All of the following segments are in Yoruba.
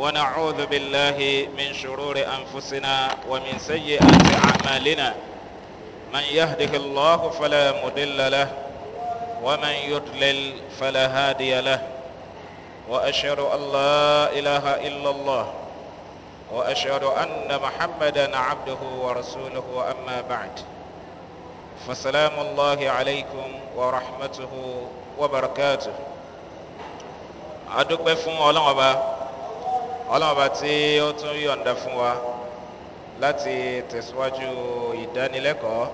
ونعوذ بالله من شرور أنفسنا ومن سيئات أعمالنا من يهده الله فلا مضل له ومن يضلل فلا هادي له وأشهد أن لا إله إلا الله وأشهد أن محمدا عبده ورسوله أما بعد فسلام الله عليكم ورحمته وبركاته أدوك بفهم أولا ọlọ́ọ̀bá tí ó tún yọ̀ǹda fún wa láti tẹ̀síwájú ìdánilẹ́kọ̀ọ́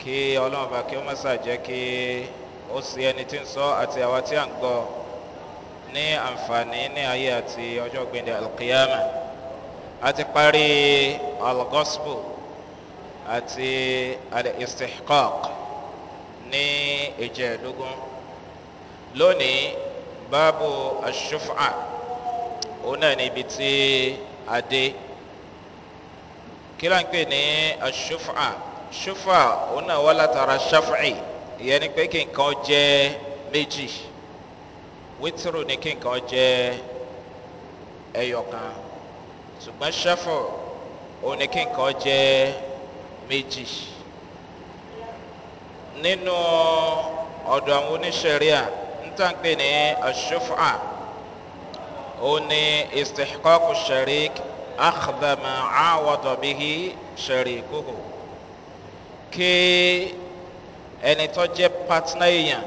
kí ọlọ́ọ̀bá kí ó má ṣàjẹ́ kí ó sì ẹni tí ń sọ àti àwa tí à ń gbọ́ ní àǹfààní ní ayé àti ọjọ́ gbẹ̀ndẹ̀ alkiyama a parí algospo àti alistihkok ní ìjẹ́ẹ̀dógún lónìí báàbò ashufa. ona ni bi ti ade kila nkpe ni ashufa shufa ona wala tara shafi yẹni pe ki nkan jẹ meji witiru ni ki nkan jẹ ẹyọkan ṣugbọn shafi oni ki nkan jẹ meji ninu ọdọ awọn onisẹri nta nkpe ta n pe ni ashufa. ó ní istihkọ́kù sharik akhdama awọ́dọ̀bíhi sharikuhu kí ẹni tó jẹ́ pátínà èèyàn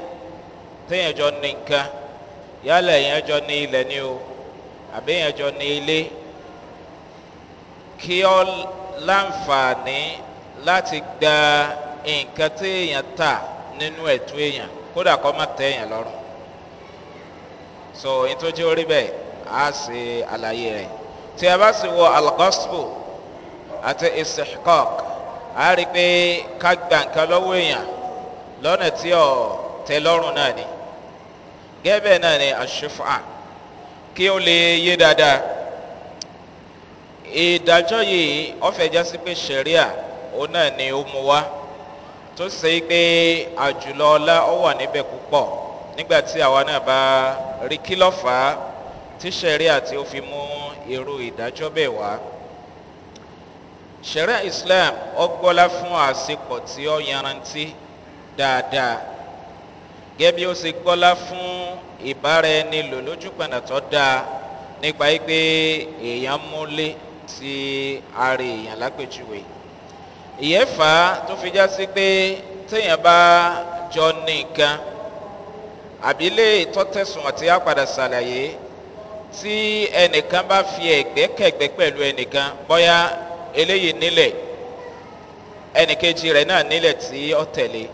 téèyàn jọ ní nǹkan yálà èèyàn jọ ní ilẹ̀ ni o àbí èèyàn jọ ní ilé kí ọ láǹfààní láti gba nǹkan téèyàn tà nínú ẹ̀tún èèyàn kódà kọ́ má tẹ èèyàn lọ́rùn so èyí tó jẹ́ orí bẹ́ẹ̀ á ṣe àlàyé rẹ̀ tí a bá sì wọ algospo àti isihkok a rí i pé ká gba nǹkan lọ́wọ́ èèyàn lọ́nà tí ọ̀ tẹ lọ́rùn náà ni gẹ́bẹ̀ náà ni àṣìfà kí ó lè yé dáadáa ìdájọ́ yìí ọ̀fẹ́ jásí pé sẹ̀ríà òun náà ni ó mu wá tó ṣe é pé àjùlọ ọlá ó wà níbẹ̀ púpọ̀ nígbà tí àwa náà bá rí kí lọ́fàá tí sẹ̀ríà tí ó fi mú irú ìdájọ́ bẹ̀ wá sẹ̀ríà islam ọgbọ́lá fún àsepọ̀ tí ó yanrantí dáadáa gẹ́bí ó ṣe gbọ́lá fún ìbára ẹni lò lójú pẹ̀nà tó dáa nípa pé èèyàn múlé ti ara èèyàn lápèjúwe ìyẹ́fà tó fi já sí pé téèyàn bá jọ ní nǹkan àbílẹ̀ ìtọ́tẹ̀sùn àti àpàdà ṣàlàyé tí ẹnìkan bá fi ẹ̀gbẹ́kẹ̀gbẹ́ pẹ̀lú ẹnìkan bọ́yá eléyìí nílẹ̀ ẹnìkejì rẹ̀ náà nílẹ̀ tí ó tẹ̀lé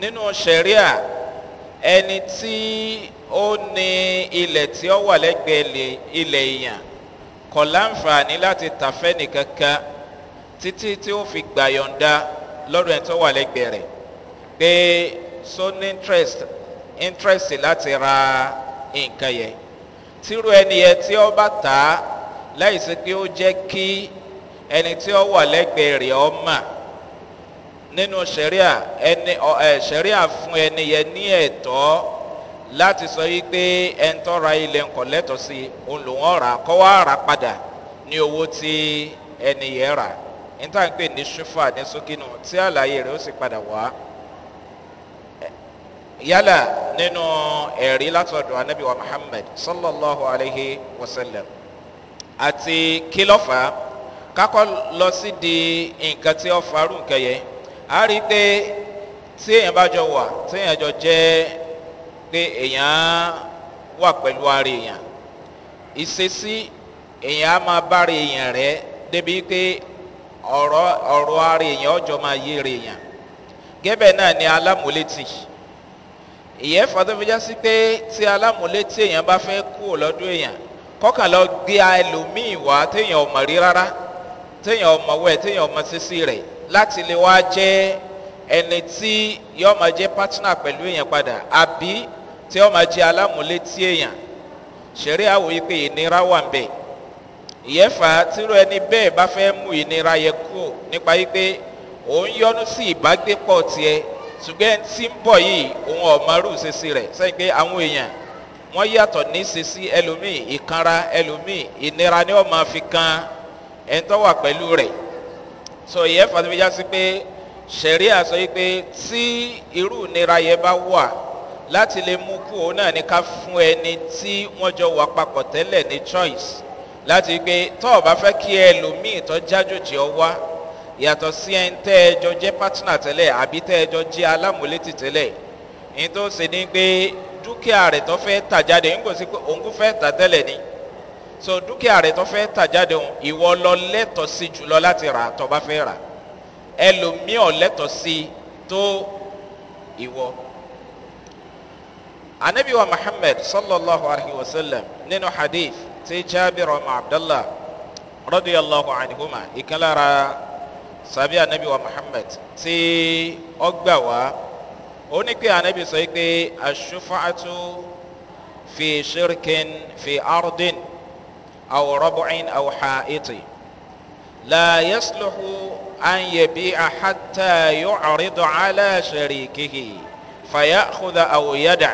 nínú sẹ̀ríà ẹni tí ó ní ilẹ̀ tí ó wà lẹ́gbẹ̀ẹ́ ilẹ̀ èèyàn kọ̀ láǹfààní láti tàfẹ́ nìkan kan títí tí ó fi gbàyọ̀ǹda lọ́dọ̀ ẹni tó wà lẹ́gbẹ̀ẹ́ rẹ̀ pé so ní interest interest láti ra nǹkan yẹn tírú ẹni yẹn tí ó bá tà á láìsí pé ó jẹ́ kí ẹni tí ó wà lẹ́gbẹ̀ẹ́ rẹ̀ ọ́ mà nínú sẹ̀ríà ẹni sẹ̀ríà fún ẹni yẹn ní ẹ̀tọ́ láti sọ yìí pé ẹni tó ra ilẹ̀ ńkọ̀ lẹ́tọ̀ sí òun lòun kọ́ wá rà padà ní owó tí ẹni yẹn rà níta ń pè ní ṣúfà ní sókínù tí àlàyé rẹ̀ ó sì padà wá yálà nínú ẹ̀rí látọ̀dọ̀ anabi wa muhammed sallallahu alayhi wa sallam àti kílọ̀fà kakọ lọ sí di nǹkan tí ó farú nǹkan yẹn a rí i pé tí èèyàn bá jọ wà tí èèyàn jọ jẹ́ pé èèyàn wà pẹ̀lú ara èèyàn ìṣesí èèyàn á máa bára èèyàn rẹ débi pé ọ̀rọ̀ ara èèyàn ọjọ́ máa yé ara èèyàn gẹ́bẹ̀ náà ni alámúlétì yìí ìyẹn fàtó fi já sí pé tí alámúlétí èèyàn bá fẹ́ kú lọ́dún èèyàn kọ́kàn lọ gbé ẹlòmíì wá téèyàn ọmọ rí rárá téèyàn ọmọ wẹ̀ téèyàn ọmọ sísí rẹ̀ láti lè wá jẹ́ ẹni tí yọ́ máa jẹ́ pátínà pẹ̀lú èèyàn padà àbí tí yọ́ máa jẹ́ alámúlétí èèyàn ṣeré àwòye pé ìnira wà ń bẹ̀ ìyẹn fà á tírú ẹni bẹ́ẹ̀ bá fẹ́ mú ìnira yẹ kúrò nípa yí pé òun yọnu sí ìbágbépọ̀ tiẹ̀ ṣùgbọ́n ẹni tí ń bọ̀ yìí òun ọ̀mọ́rù ṣèṣì rẹ̀ sẹ́yìn àwọn èèyàn wọ́n yàtọ̀ ní ṣèṣì ẹlòmíì ìkanra ẹlòmíì ìnira ni wọ́n máa fi kan ẹni tó wà pẹ̀lú rẹ̀ so ìyẹn fàtúbíyá sí pé sẹ̀ríà sọ pé tí irú ìnira yẹn bá wà láti lè mú kú òun náà ní ká fún ẹni tí wọ́n jọ wà papọ̀ tẹ́lẹ̀ ní choice láti pé tọ́ọ̀ bá fẹ́ kí ẹlòmíì tó jájòjì ọ wá yàtọ̀ sí ẹni tẹ́ ẹ jọ jẹ́ pátínà tẹ́lẹ̀ àbí tẹ́ ẹ jọ jẹ́ alámúlétì tẹ́lẹ̀ ní tó ṣe ni pé dúkìá rẹ̀ tó fẹ́ tà jáde nígbà tí òun kò fẹ́ tà tẹ́lẹ̀ ni so dúkìá rẹ̀ tó fẹ́ tà jáde òun ìwọ lọ lẹ́tọ̀ sí jùlọ láti rà tó bá fẹ́ rà ẹlòmíọ̀ lẹ́tọ̀ sí tó ìwọ. anabi wa muhammed sallallahu alayhi wa sallam nínú hadith ti jabir ọmọ abdallah rọ́díyàlláhu anihuma ìkàlára. sàbí anabi wa muhammed tí ọ gbà wá ó ní pé anabi sọ pé asúfàtú fi ṣírkin fi ardin àwọn rọ́bùn àwọn xaìtì láyẹ̀sùlùkù an yẹ̀bi àhàtà yóò àrídọ̀ aláṣẹ̀ríkìhì fàyàkùdà àwọn yàdà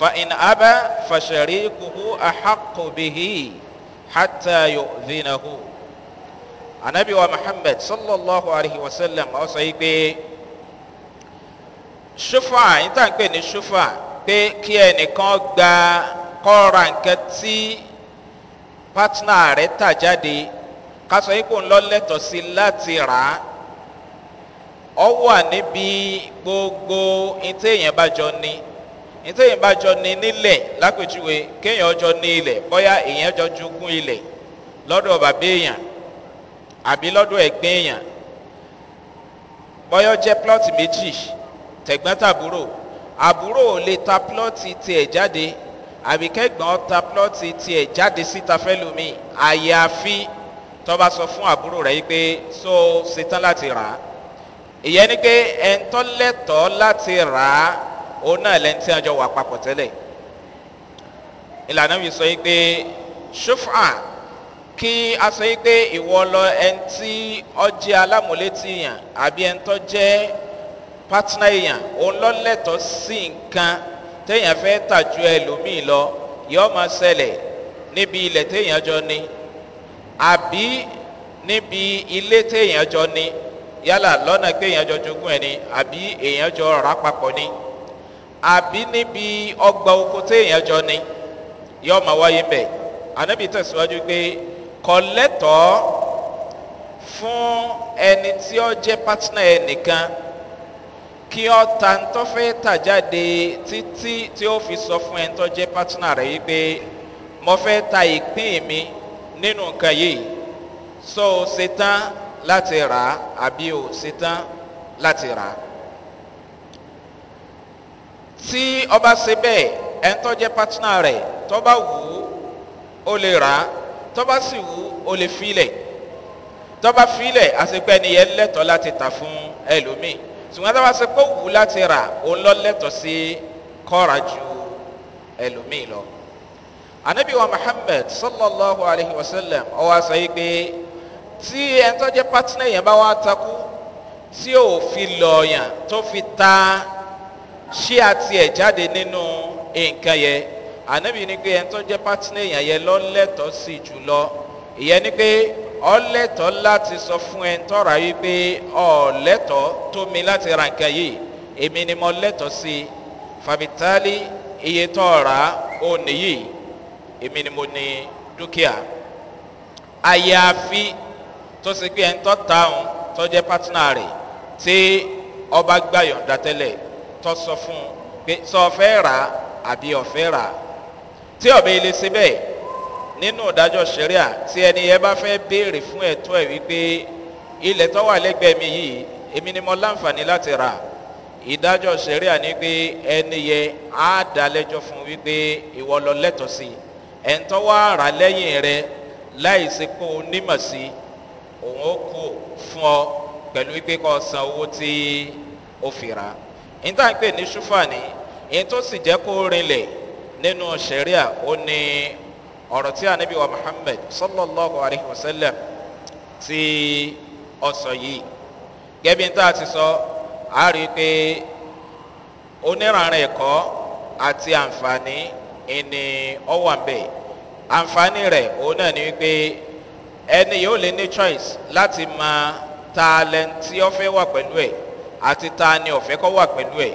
abá أبى فشريكه أحق به حتى يؤذنه anabi wa muhammed sallallahu alaihi wa sallam ọ sọ yìí pé ṣúfà níta ń pè ní ṣúfà pé kí ẹnìkan gba kọ́ra nǹkan tí pátínà rẹ̀ tà jáde ká sọ yìí pé ń lọ lẹ́tọ̀ọ́ sí láti rà á ọ wà níbi gbogbo ìtẹ́ èèyàn bá jọ ní ìtẹ́ èèyàn jọ ní nílẹ̀ lápèjúwe kéèyàn jọ ní ilẹ̀ bóyá èèyàn jọ jogún ilẹ̀ lọ́dọ̀ bàbá èèyàn àbí lọ́dọ̀ ẹ̀gbìn èèyàn bọ́yọ́ jẹ́ plọ́ọ̀tì méjì tẹ̀gbọ́n-tàbúrò àbúrò ò lè ta plọ́ọ̀tì tiẹ̀ jáde àbí kẹ́gbọ́n ta plọ́ọ̀tì tiẹ̀ jáde síta fẹ́lómi àyàfi tọ́ba sọ fún àbúrò rẹ̀ yìí pé so ṣetán láti rà á ìyẹn ni pé ẹ̀ńtọ́ lẹ́tọ̀ọ́ láti rà á òun náà lẹ́ni tí wọ́n jọ wà papọ̀ tẹ́lẹ̀ ìlànà yìí sọ yìí pé ṣùfà kí a sọ yí pé ìwọ lọ ẹni tí ọjẹ́ alámúlétí yàn àbí ẹni tó jẹ́ pátínà èèyàn òun lọ lẹ́tọ̀ọ́ sí nǹkan téèyàn fẹ́ tà ju ẹlòmíì lọ yóò máa ṣẹlẹ̀ níbi ilẹ̀ téèyàn jọ ní àbí níbi ilé téèyàn jọ ní yálà lọ́nà téèyàn jọ jogún ẹni àbí èèyàn jọ rà papọ̀ ní àbí níbi ọgbà oko téèyàn jọ ní yóò máa wáyé bẹ́ẹ̀ ànábì tẹ̀síwájú pé kọ̀lẹ́tọ̀ọ́ fún ẹni tí ó jẹ́ pátínà ẹnìkan kí ọ ta ń tọ́ fẹ́ tà jáde títí tí ó fi sọ fún ẹni tó jẹ́ pátínà rẹ̀ yìí pé mo fẹ́ ta ìpín mi nínú nǹkan yìí so ṣetán láti rà á àbí o ṣetán láti rà á tí ọba ṣe bẹ́ẹ̀ ẹni tó jẹ́ pátínà rẹ̀ tó bá wù ú ó lè rà á tọ́ba sì wú o lè filẹ̀ tọ́ba filẹ̀ àsepẹ́ ni yẹn lẹ́tọ̀ọ́ láti tà fún ẹlòmíì ṣùgbọ́n tọ́ba ṣe pé wù láti rà òun lọ lẹ́tọ̀ọ́ sí kọ́ra ju ẹlòmíì lọ. anabi wa muhammed sallallahu alayhi wa sallam ọwọ́ aṣọ yìí pé tí ẹni tó jẹ́ pátínà yẹn bá wá takú tí ò fi lọ̀ọ̀yàn tó fi ta ṣí àti ẹ̀ jáde nínú nǹkan yẹn ànábì ni pé ẹni tó jẹ́ pátínà èèyàn yẹn lọ́lẹ́tọ̀ọ́ sí jùlọ ìyẹn ni pé ọlẹ́tọ̀ọ́ láti sọ fún ẹni tọ́ra yìí pé ọ̀lẹ́tọ̀ọ́ tó mi láti ra nǹkan yìí èmi ni mo lẹ́tọ̀ọ́ sí i fàbítálì iye tọ́ra ó nìyí èmi ni mo ní dúkìá àyàfi tó ṣe pé ẹni tó ta òun tó jẹ́ pátínà rẹ̀ tí ọba gbàyàn dátẹ́lẹ̀ tó sọ fún un pé sọ fẹ́ rà àbí ọ̀fẹ́ rà á tí ọ̀bẹ ilé ṣe bẹ́ẹ̀ nínú ìdájọ́ sẹ́ríà tí ẹni yẹn bá fẹ́ béèrè fún ẹ̀tọ́ ẹ̀ wípé ilẹ̀ tó wà lẹ́gbẹ̀ẹ́ mi yìí èmi ni mo láǹfààní láti rà ìdájọ́ sẹ́ríà ni pé ẹni yẹn á dá lẹ́jọ́ fún wípé ìwọ lọ lẹ́tọ̀ọ́ sí ẹ̀ ń wá rà lẹ́yìn rẹ láì ṣe kó o nímọ̀ sí òun ó kú fún ọ pẹ̀lú wípé kó san owó tí o fi rà. ìtàn pè ní ṣúfà ní ìyẹn sì jẹ́ kó rinlẹ̀ nínú sẹ̀ríà ó ní ọ̀rọ̀ tí anabi wa muhammed sallallahu alayhi wa sallam ti ọ̀sọ̀ yìí gẹ́bí tá a ti sọ a rí i pé oníranran ẹ̀kọ́ àti àǹfààní ìní ọwọ́ àmbẹ̀ àǹfààní rẹ̀ òun náà ni wípé ẹni yóò lè ní choice láti mọ ta tí ó fẹ́ wà pẹ̀lú ẹ̀ àti ta ni ọ̀fẹ́ kọ́ wà pẹ̀lú ẹ̀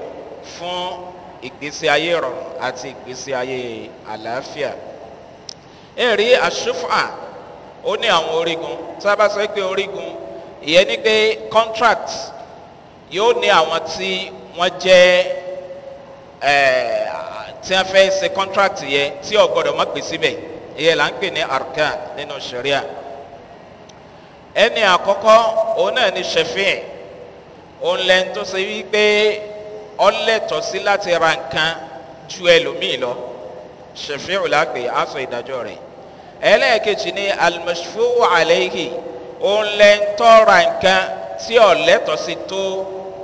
fún ìgbésí ayé rọrùn àti ìgbésí ayé àlàáfíà ẹ àṣùfà ó ní àwọn orígun tá a bá sọ pé orígun ìyẹn ni pé contract yóò ní àwọn tí wọ́n jẹ́ tí wọ́n fẹ́ ṣe contract yẹn tí ọ̀gbọ́dọ̀ má pè síbẹ̀ ìyẹn là ń pè ní arkan nínú sharia ẹni àkọ́kọ́ òun náà ni shefiin òun lẹ́nu tó ṣe wípé ọlẹ́tọ̀ sí láti ra nǹkan ju ẹlòmíì lọ ṣèfíù lápè aṣọ ìdájọ́ rẹ̀ ẹlẹ́ẹ̀kejì ni alimọ̀ṣífù àlẹ́yìí òun lẹ́ ń tọ́ra nǹkan tí ọ̀lẹ́tọ̀ sí tó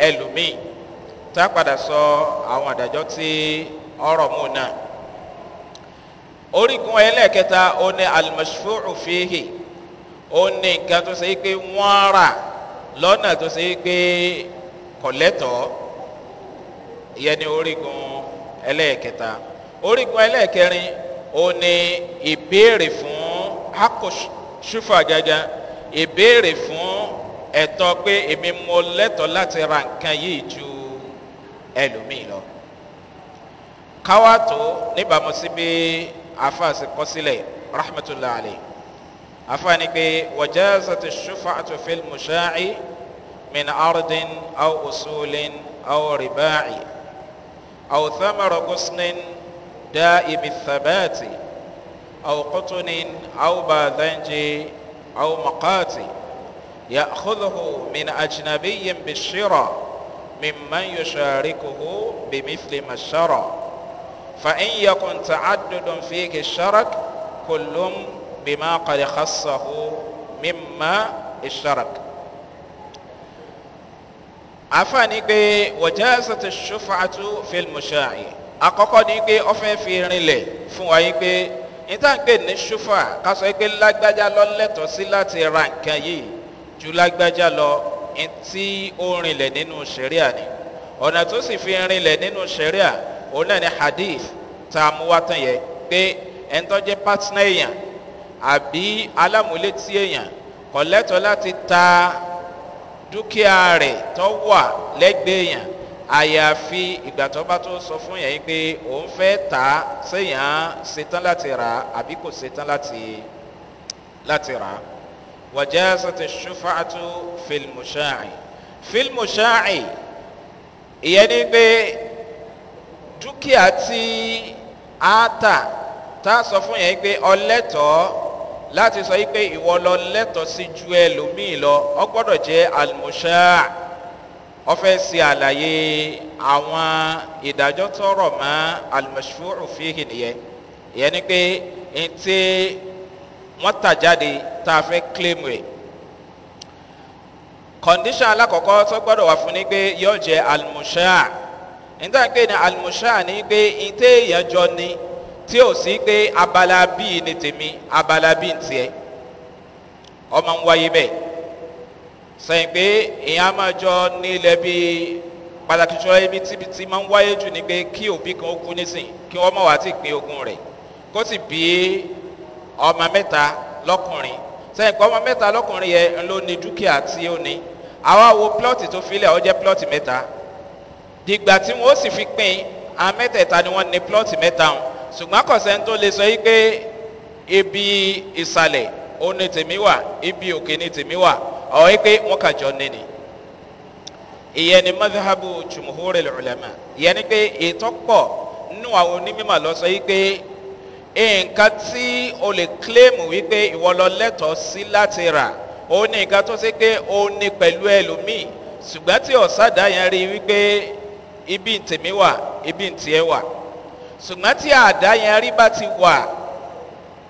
ẹlòmíì tá a padà sọ àwọn àdájọ́ tí ọ̀rọ̀ mú náà orígun ẹlẹ́ẹ̀kẹta ó ní alimọ̀ṣífù fìhì ó ní nǹkan tó ṣe é pé wọ́n rà lọ́nà tó ṣe é pé kọ̀lẹ́tọ̀ọ́ ìyẹn ní orígun ẹlẹ́ẹ̀kẹta orígun ẹlẹ́ẹ̀kẹrin òun ni ìbéèrè fún akọ̀ṣúfà gẹ́gẹ́ ìbéèrè fún ẹ̀tọ́ pé èmi mo lẹ́tọ̀ọ́ láti ra nǹkan yìí ju ẹlòmíì lọ káwá tó níbàámu sí bí afa sì kọ́ sílẹ̀ rahmatulahi alayhi afa ni pé wàjá zati ṣúfà àtúfẹ́ musáì min ardin aw usulin aw ribaa'i. أو ثمر غصن دائم الثبات أو قطن أو باذنج أو مقات يأخذه من أجنبي بالشرى ممن يشاركه بمثل ما الشرى فإن يكن تعدد فيك الشرك كل بما قد خصه مما الشرك àfààní pé wọ̀já sọ̀tẹ̀ ṣọ́fàtú fílmù ṣáàyè àkọ́kọ́ ni pé ọ̀fẹ́ fi rinlẹ̀ fún wa yìí pé níta ń pè ní ṣúfà ká sọ pé lágbájá lọ lẹ́tọ̀ọ́ sí láti ra nǹkan yìí ju lágbájá lọ tí ó rinlẹ̀ nínú sẹ̀ríà ni ọ̀nà tó sì fi rinlẹ̀ nínú sẹ̀ríà òun náà ni hadith tá a mú wá yẹ pé ẹ̀ńtọ́ jẹ́ pátínà èèyàn àbí alámúlétí èèyàn kọ̀lẹ́tọ̀ láti ta dúkìá rẹ̀ tó wà lẹ́gbẹ̀ẹ́ yàn àyàfi ìgbà tó bá tó sọ fún yàn yín pé òun fẹ́ tà á séyàn ṣetán láti rà á àbí kò ṣetán láti láti rà á wàjẹ́ sọ́tẹ̀ ṣúfàtú fílmù ṣáàì fílmù ṣáàì ìyẹn ni pé dúkìá tí a tà tá a sọ fún yẹn pé ọlẹ́tọ̀ọ́ láti sọ yí pé ìwọ lọ lẹ́tọ̀ọ́ sí ju ẹlòmíì lọ ọ gbọ́dọ̀ jẹ́ àlùmọ́ṣá ọ fẹ́ àlàyé àwọn ìdájọ́ tọrọ mọ́ àlùmọ́ṣú òfìhì nìyẹn ìyẹn ni pé n tí wọ́n tà jáde tá a fẹ́ kílèmù ẹ̀ kọ̀ǹdíṣàn alákọ̀ọ́kọ́ tó gbọ́dọ̀ wà fún ni pé yóò jẹ́ àlùmọ́ṣá nígbà pé ní àlùmọ́ṣá ni pé n tí èèyàn jọ ni tí ò sí pé abala bíi ni tèmi abala bíi ń tiẹ̀ ọmọ ń wáyé bẹ́ẹ̀ sẹ́yìn pé èèyàn máa jọ ní ilẹ̀ bíi pàtàkì jọ ibi tíbi máa ń wáyé jù ni pé kí òbí kan ó kú nísìn kí wọ́n mọ̀ wá sí ìpín ogun rẹ̀ kó sì bí ọmọ mẹ́ta lọ́kùnrin sẹ́yìn pé ọmọ mẹ́ta lọ́kùnrin yẹn ló ní dúkìá tí ó ní àwa wo plọ́ọ̀tì tó filẹ̀ ọ jẹ́ plọ́ọ̀tì mẹ́ta dìgbà tí wọ́n sì fi pín amẹ́tẹ̀ẹ̀ta ni wọ́n ní plọ́ọ̀tì mẹ́ta hàn ṣùgbọ́n kọ̀sẹ́ tó lè sọ yí pé ibi ìsàlẹ̀ ó ní tèmi wà ibi òkè ní tèmi wà ọ̀ yí pé wọ́n kàjọ nínú ìyẹn ni madhabu jumuhure lulama ìyẹn ni pé ètò pọ̀ nínú àwọn onímọ̀ lọ sọ yí pé nǹkan tí o lè kílèmù wípé ìwọ lọ lẹ́tọ̀ọ́ sí láti rà ó ní nǹkan tó ṣe pé ó ní pẹ̀lú ẹlòmíì ṣùgbọ́n tí ọ̀sádà yẹn rí wípé ibi tèmi wà ibi tiẹ̀ wà ṣùgbọ́n tí àdá yẹn rí bá ti wà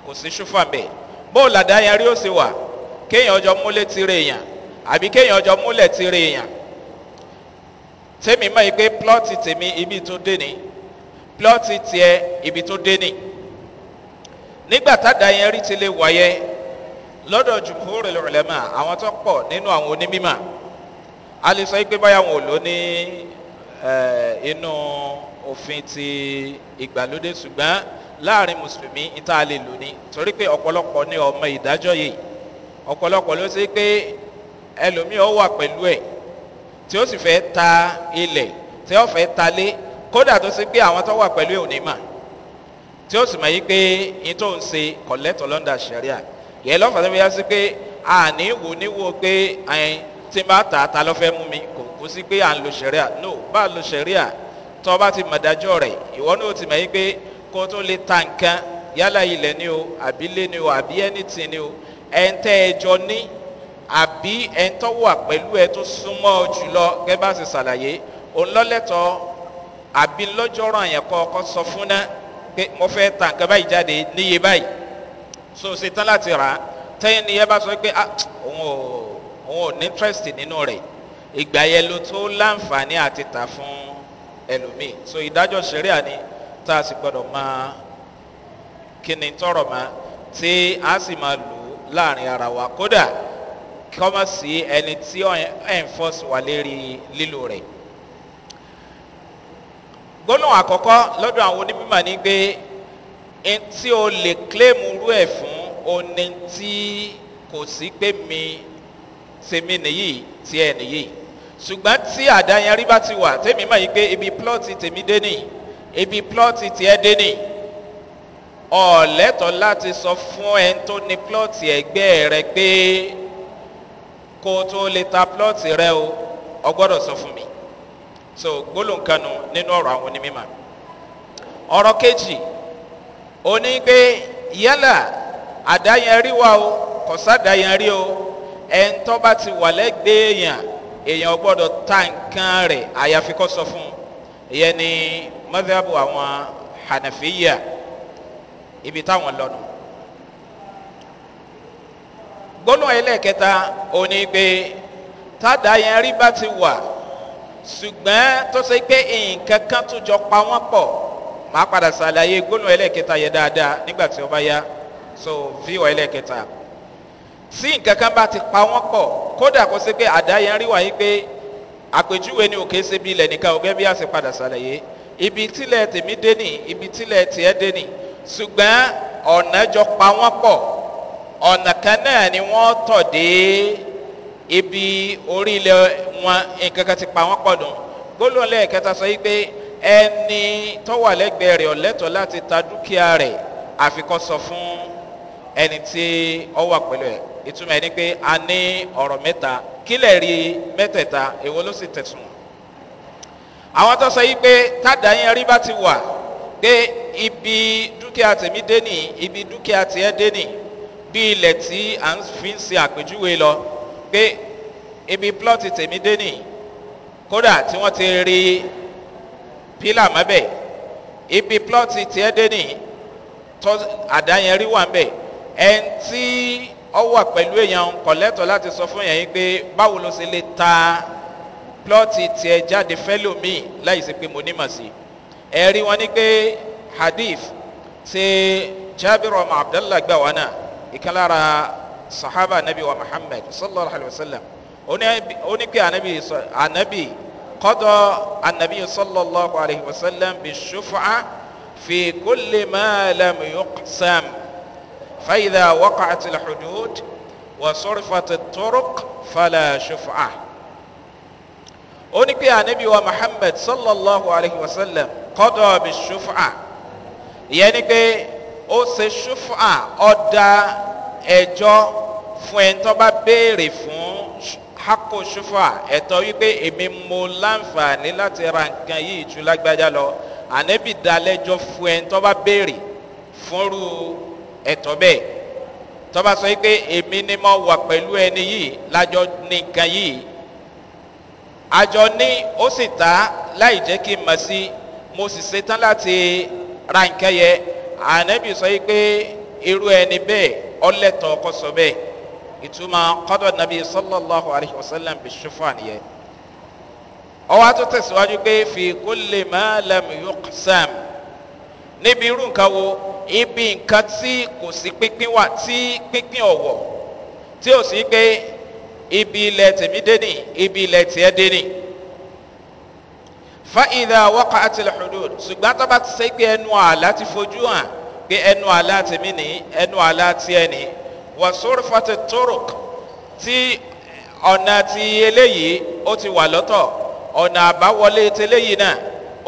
kò sí ṣúfà bẹ́ẹ̀ bóòlù àdá yẹn rí ó sì wà kéèyàn ọjọ́ múlẹ̀ ti rè èèyàn àbí kéèyàn ọjọ́ múlẹ̀ ti rè èèyàn tèmi mọ̀ pé plọ́ọ̀tì tèmi ibi tún dé ni plọ́ọ̀tì tiẹ̀ ibi tún dé ni nígbà tádà yẹn rí ti lè wáyé lọ́dọ̀ jùmúhórè lọ́rẹ̀lẹ́mà àwọn tó pọ̀ nínú àwọn onímímà a lè sọ pé báyà wọn ò lò inú òfin ti ìgbàlódé ṣùgbọ́n láàrin mùsùlùmí níta lè lò ní torí pé ọ̀pọ̀lọpọ̀ ní ọmọ ìdájọ́ yìí ọ̀pọ̀lọpọ̀ ló ṣe pé ẹlòmíì ó wà pẹ̀lú ẹ̀ tí ó sì fẹ́ ta ilẹ̀ tí ó fẹ́ ta lé kódà tó ṣe pé àwọn tó wà pẹ̀lú ẹ̀ ò ní mà tí ó sì mọ̀ yí pé yín tó ń ṣe kọ̀lẹ́tọ̀ lọ́ndà sẹ́ríà yẹn lọ́fà tó fi sí pé àní wò ní wo pé ẹyin tí bá tà ta ló mú mi kò sí pé à ń lo sẹ́ríà no bá a lo sẹ́ríà tọ́ ti mọ̀dájọ́ rẹ̀ ìwọ náà ti mọ̀ yí pé kó tó lè ta nǹkan yálà ilẹ̀ ni o àbí ilé ni o àbí anything ni o ẹ̀ńtẹ́ ẹjọ́ ní àbí ẹ̀ńtọ́ wà pẹ̀lú ẹ tó súnmọ́ ọ jùlọ gẹ́gẹ́ bá ti ṣàlàyé òun lọ́lẹ́tọ̀ àbí lọ́jọ́rọ̀ àyàn kọ́ sọ fún ná pé mo fẹ́ ta nǹkan báyìí jáde níye báyìí so ṣe tán láti rà á tẹ́yìn ni ẹ bá sọ pé ah, òun ò òun ò ní interest nínú rẹ̀ ìgbà yẹn ló tó láǹfààní àti tà fún un ẹlòmíì so ìdájọ́ sẹ̀ríà ni tá a sì gbọ́dọ̀ máa kíni tọrọ ma tí a sì máa lò ó láàrin ara wa kódà kọ́mọ̀ sí ẹni tí enforce wà lérí lílo rẹ̀ gbónú àkọ́kọ́ lọ́dọ̀ àwọn onímọ̀ ni pé n tí o lè kílèmù rú ẹ̀ fún oní tí kò sí pé mi tèmi nìyí tí ẹ nìyí ṣùgbọ́n tí àdáyanrí bá ti wà tèmi mọ̀ yìí pé ibi plọ́ọ̀tì tèmi dé nì ibi plọ́ọ̀tì tiẹ̀ dé nì ọ̀lẹ́tọ̀ láti sọ fún ẹni tó ní plọ́ọ̀tì ẹ̀gbẹ́ rẹ pé kó o tó lè ta plọ́ọ̀tì rẹ o ọgbọ́dọ̀ sọ fún mi so gbólóǹkanu nínú ọ̀rọ̀ àwọn onímọ̀ ọ̀rọ̀ kejì ó ní pé yálà àdáyanrí wa o kọ̀sádàyanrí o ẹni tó bá ti wà lẹ́gbẹ̀ẹ́ èèyàn èèyàn ò gbọ́dọ̀ ta nǹkan rẹ̀ àyàfi kọ́ sọ fún un ìyẹn ni mọ́tàbù àwọn hànàfíyà ibi táwọn lọ́nu. gbóná ẹlẹ́ẹ̀kẹta òní pé tádà yẹn rí bá ti wà ṣùgbọ́n tó ṣe pé nǹkan kan tó jọ pa wọ́n pọ̀ màá padà ṣàlàyé gbóná ẹlẹ́ẹ̀kẹta yẹn dáadáa nígbà tí ó bá yá so fíwọ̀ ẹlẹ́ẹ̀kẹta tí nǹkan kan bá ti pa wọ́n pọ̀ kódà kó sí pé àdáyẹnrí wà yí pé àpèjúwe ni òkè ṣe bí ilẹ̀ nìkan ògẹ́ bí a ṣàlàyé ibi tílẹ̀ tèmi dé nì ibi tílẹ̀ tiẹ̀ dé nì ṣùgbọ́n ọ̀nà jọ pa wọ́n pọ̀ ọ̀nà kan náà ni wọ́n tọ̀ dé ibi orí ilẹ̀ wọn nǹkan kan ti pa wọ́n pọ̀ dùn gbólóhùn lẹ́ẹ̀kẹta sọ yí pé ẹni tó lẹ́gbẹ̀ẹ́ rẹ̀ ọ̀lẹ́tọ̀ láti ta dúkìá rẹ̀ àfikọ́ sọ fún ẹni tí ọ wà pẹ̀lú ẹ̀ ìtumọ̀ ẹni pé a ní ọ̀rọ̀ mẹ́ta kílẹ̀ rí mẹ́tẹ̀ẹ̀ta èwo ló sì tẹ̀sùn. àwọn tó sọ yìí pé tádà yẹn rí bá ti wà pé ibi dúkìá tèmi dé nì ibi dúkìá tiẹ̀ dé nì bí ilẹ̀ tí à ń fi ń se àpèjúwe lọ pé ibi plọ́ọ̀tì tèmi dé nì kódà tí wọ́n ti rí pílà mọ́bẹ̀ ibi plọ́ọ̀tì tiẹ̀ dé nì tó àdá yẹn rí wà ń bẹ̀ ẹni tí ọ wà pẹ̀lú èèyàn kọ̀lẹ́tọ̀ láti sọ fún èèyàn yín pé báwo ló ṣe lè ta plọ́ọ̀tì tiẹ̀ jáde fẹ́lòmíì láì sí pé mo nímọ̀ sí ẹ̀rí wọn ni pé hadith ṣe jabiru ọmọ abdallah gbà wá náà ìkan lára sahaba nabi wa muhammad sallallahu alayhi wa sallam ó ní anabi kọ́dọ̀ anabi sallallahu alayhi wa sallam bí ṣùfà fi kúlè máa lam yóò sàmù. فإذا وقعت الحدود وصرفت الطرق فلا شفعة أنك يا نبي ومحمد صلى الله عليه وسلم قضى بالشفعة يعني كي ó ṣe ṣùfà ọ̀dà ẹ̀jọ́ fún ẹ̀ tó bá béèrè fún hako ṣùfà ẹ̀tọ́ wípé èmi mo láǹfààní láti ra nǹkan yìí ju lágbájá lọ ànẹ́bì dalẹ́jọ́ fún ẹ̀ tó bá béèrè fúnrú ẹ̀tọ́ bẹ́ẹ̀ tọ́ba sọ pé èmi ni mo wà pẹ̀lú ẹni yìí lájọ ní nǹkan yìí àjọ ní ó sì ta láì jẹ́ kí n mọ̀ sí mo sì ṣetán láti ra nǹkan yẹ ànábì sọ pé irú ẹni bẹ́ẹ̀ ọlẹ́tọ̀ ọkọ sọ bẹ́ẹ̀ ìtumọ̀ kọ́dọ̀ nàbí sallallahu alayhi wa bí ṣùfà nìyẹn ọwọ́ tó pé fi kó lè má lẹ́mú yóò sàm níbi irú nǹkan wo ibi nǹkan tí kò sí pínpín wà tí pínpín ọ̀wọ̀ tí ò sí pé ibi ilẹ̀ tèmi dé ní ibi ilẹ̀ tiẹ̀ dé ní. fa'idà wọ́kà àti lẹ́xùdùd ṣùgbọ́n tó bá ti ṣe pé ẹnu àlá ti fojú hàn pé ẹnu àlá tèmi ní ẹnu àlá tiẹ̀ ní wà sórí fati torok tí ọ̀nà ti eléyìí ó ti wà lọ́tọ̀ ọ̀nà àbáwọlé tẹ́lẹ̀yìí náà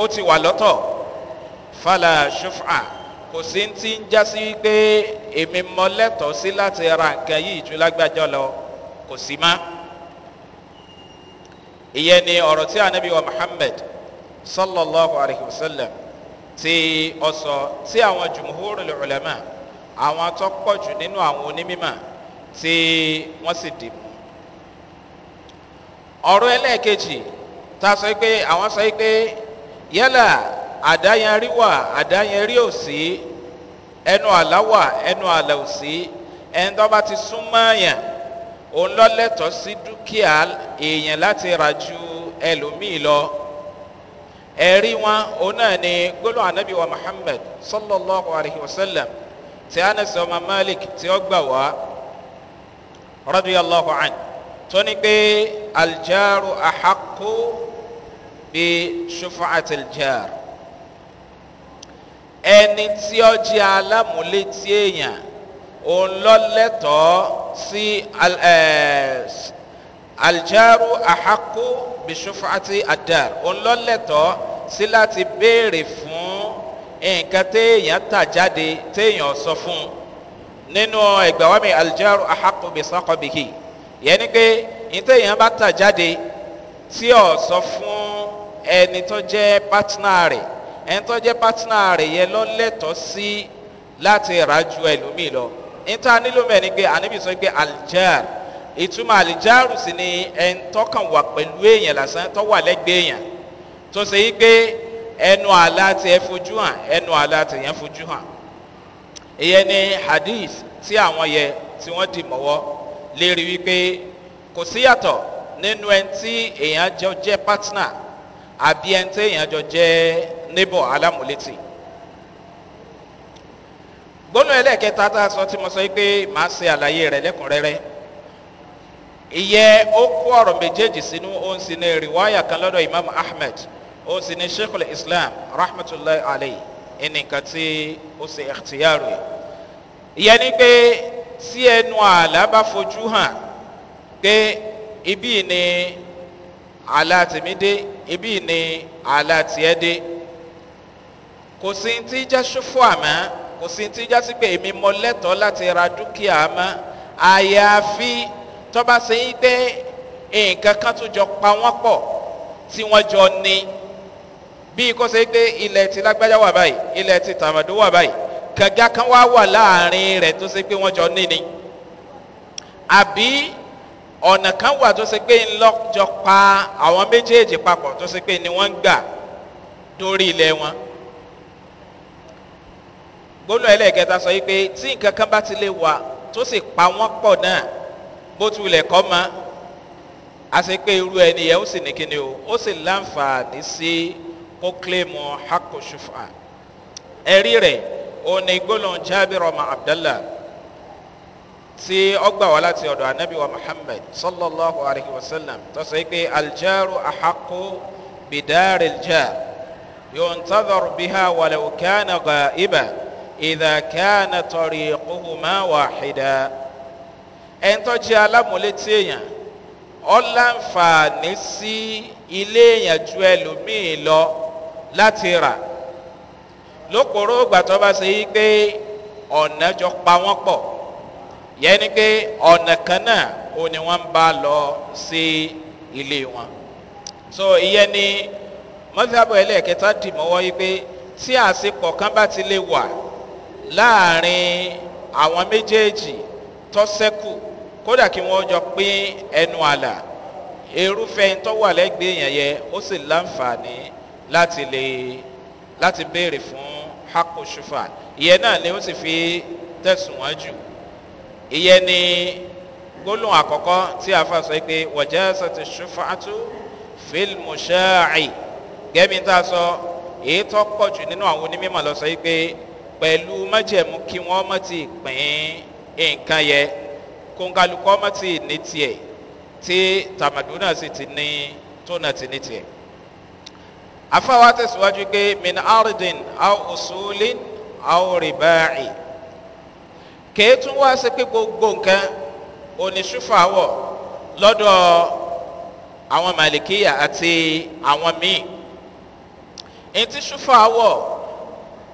ó ti wà lọ́tọ̀ fala shufa kò sí ti ń jásí wípé èmi mọ lẹ́tọ̀ọ́ sí láti ra nǹkan yìí ju lágbájọ lọ kò sí má ìyẹn ni ọ̀rọ̀ tí anabi wa muhammed sallallahu alayhi wa sallam ti ọ̀sọ̀ tí àwọn jùmùhúrù lùlẹ̀mà àwọn atọ́pọ̀jù nínú àwọn onímọ̀ tí wọ́n sì dì mú ọ̀rọ̀ ẹlẹ́ẹ̀kejì ta sọ pé àwọn sọ pé yálà àdáyanrí wà àdáyanrí ò sí ẹnu àlá wà ẹnu àlà ò sí ẹni tó bá ti sún mọ́ọ̀yàn òun lọ́lẹ́tọ̀ọ́ sí dúkìá èèyàn láti rà ju ẹlòmíì lọ ẹ̀rí wọn òun náà ni gbólóhùn anabi wa muhammed sallallahu alayhi wa sallam tí a ọmọ malik tí ó gbà wá rọ́bì allahu an tó pé aljaru ahaku bi shufa atiljar ẹni tí ó jẹ́ alámúlétí èèyàn òun lọ lẹ́tọ̀ọ́ sí aljaru ahaku bisufati adar òun lọ lẹ́tọ̀ọ́ sí láti béèrè fún nǹkan téèyàn tà jáde téèyàn sọ fún un nínú ẹgbàwámi aljaru ahaku bisakobiki yẹni pé ìtẹ̀yìn bá tà jáde tí ọ̀ sọ fún ẹni tó jẹ́ pátínà rẹ̀ ẹni tó jẹ́ pátínà rẹ̀ yẹ lọ́lẹ́tọ̀ sí láti rà ju ẹlòmíì lọ níta nílò mẹ́rin ni pé sọ pé aljar ìtumọ̀ aljaru sì ni ẹni tọ́kàn wà pẹ̀lú èèyàn lásán tó wà lẹ́gbẹ̀ẹ́ èèyàn tó ṣe yí pé ẹnu àlá ti fojú hàn ẹnu àlá ti fojú hàn ìyẹn ni hadith tí àwọn yẹ tí wọ́n dì mọ́wọ́ lérí wípé kò síyàtọ̀ nínú ẹni tí èèyàn jẹ́ pátínà àbí ẹni tí èèyàn jọ jẹ́ níbọ̀ alámúlétì gbónú ẹlẹ́ẹ̀kẹta tá a sọ tí mo sọ pé màá ṣe àlàyé rẹ̀ lẹ́kùnrẹ́rẹ́ ìyẹ́ ó kó ọ̀rọ̀ méjèèjì sínú òun sì ní rìwáyà kan lọ́dọ̀ imam ahmed òun sì ní sheikul islam rahmatulahi alayhi ẹnì kan tí ó ṣe ẹ̀ktíyàrò ẹ̀ ìyẹn ni pé tí ẹnu àlá bá fojú hàn pé ibí ni àlá tèmi dé ibi ni àlá tiẹ̀ dé kò sí ti já ṣòfò àmọ́ kò sí ti já sí pé èmi mọ lẹ́tọ̀ọ́ láti ra dúkìá àmọ́ àyàfi tọ́ba ṣe ń gbé nǹkan kan tó jọ pa wọ́n pọ̀ tí wọ́n jọ ní bíi kó ṣe pé ilẹ̀ ti lágbájá wà báyìí ilẹ̀ ti tàmàdó wà báyìí kànga kan wá wà láàrin rẹ̀ tó ṣe pé wọ́n jọ ní ni àbí ọ̀nà kan wà tó ṣe pé ńlọ́jọ pa àwọn méjèèjì papọ̀ tó ṣe pé ni wọ́n ń gbà dórí ilẹ̀ wọn gbólóhùn ẹlẹ́ẹ̀kẹta sọ wípé tí nǹkan kan bá ti lè wà tó sì pa wọ́n pọ̀ náà bó tulẹ̀ kọ́ ma a ṣe pé irú ẹni yẹn ó sì ní kíni o ó sì láǹfààní sí kó kílèmù hakosufa ẹ̀rí rẹ̀ òní gbólóhùn jábìrọ̀mọ̀ abdallah tí ọgbà wá láti ọ̀dọ̀ anabi wa muhammed sallallahu alayhi wa sallam tó sọ pé aljaru ahako bidari jar yontadar biha wàlẹ̀ kánà gba ibà ìdá kánà tọ̀rì kúhùmá wàhídà ẹni tó jẹ́ alámúlétí èèyàn ọ̀làǹfààní sí ilé èèyàn ju ẹlòmíì lọ láti rà lókòrò tó bá ṣe yí pé ọ̀nà jọ pa wọ́n pọ̀ yẹn ni pé ọ̀nà kan náà ò ní wọ́n bá lọ sí ilé wọn so ìyẹn ni mọ́sábọ̀ ẹlẹ́ẹ̀kẹta dì mọ́wọ́ yí pé tí àsìkò kan bá ti lè wà láàrin àwọn méjèèjì tọ́sẹ́kù kódà kí wọ́n jọ pín ẹnu àlà irúfẹ́ tó wà lẹ́gbẹ̀ẹ́ yẹn yẹ ó sì láǹfààní láti lè láti béèrè fún hakosufa ìyẹn náà ni ó sì fi tẹ̀sùn wọn jù ìyẹn ni gbólóhùn àkọ́kọ́ tí a fà sọ pé wọ̀jẹ́ sọ̀tì ṣùfàtú fílmù ṣáàì gẹ́mi tá a sọ èyí tó pọ̀ jù nínú àwọn onímọ̀ lọ sọ pé pẹ̀lú májẹ̀mú kí wọ́n mọ̀ ti pín nǹkan yẹ kóńkálukọ́ mọ̀ ti ní tiẹ̀ tí tàmàdúnà sì ti ní tónà ti ní tiẹ̀. afáwa tẹ̀síwájú pé min ardin aw usulin aw ribaa'i kèé tún wá sí pé gbogbo nǹkan oníṣúfà wọ̀ lọ́dọ̀ àwọn màlìkíyà àti àwọn míì ètí ṣúfà wọ̀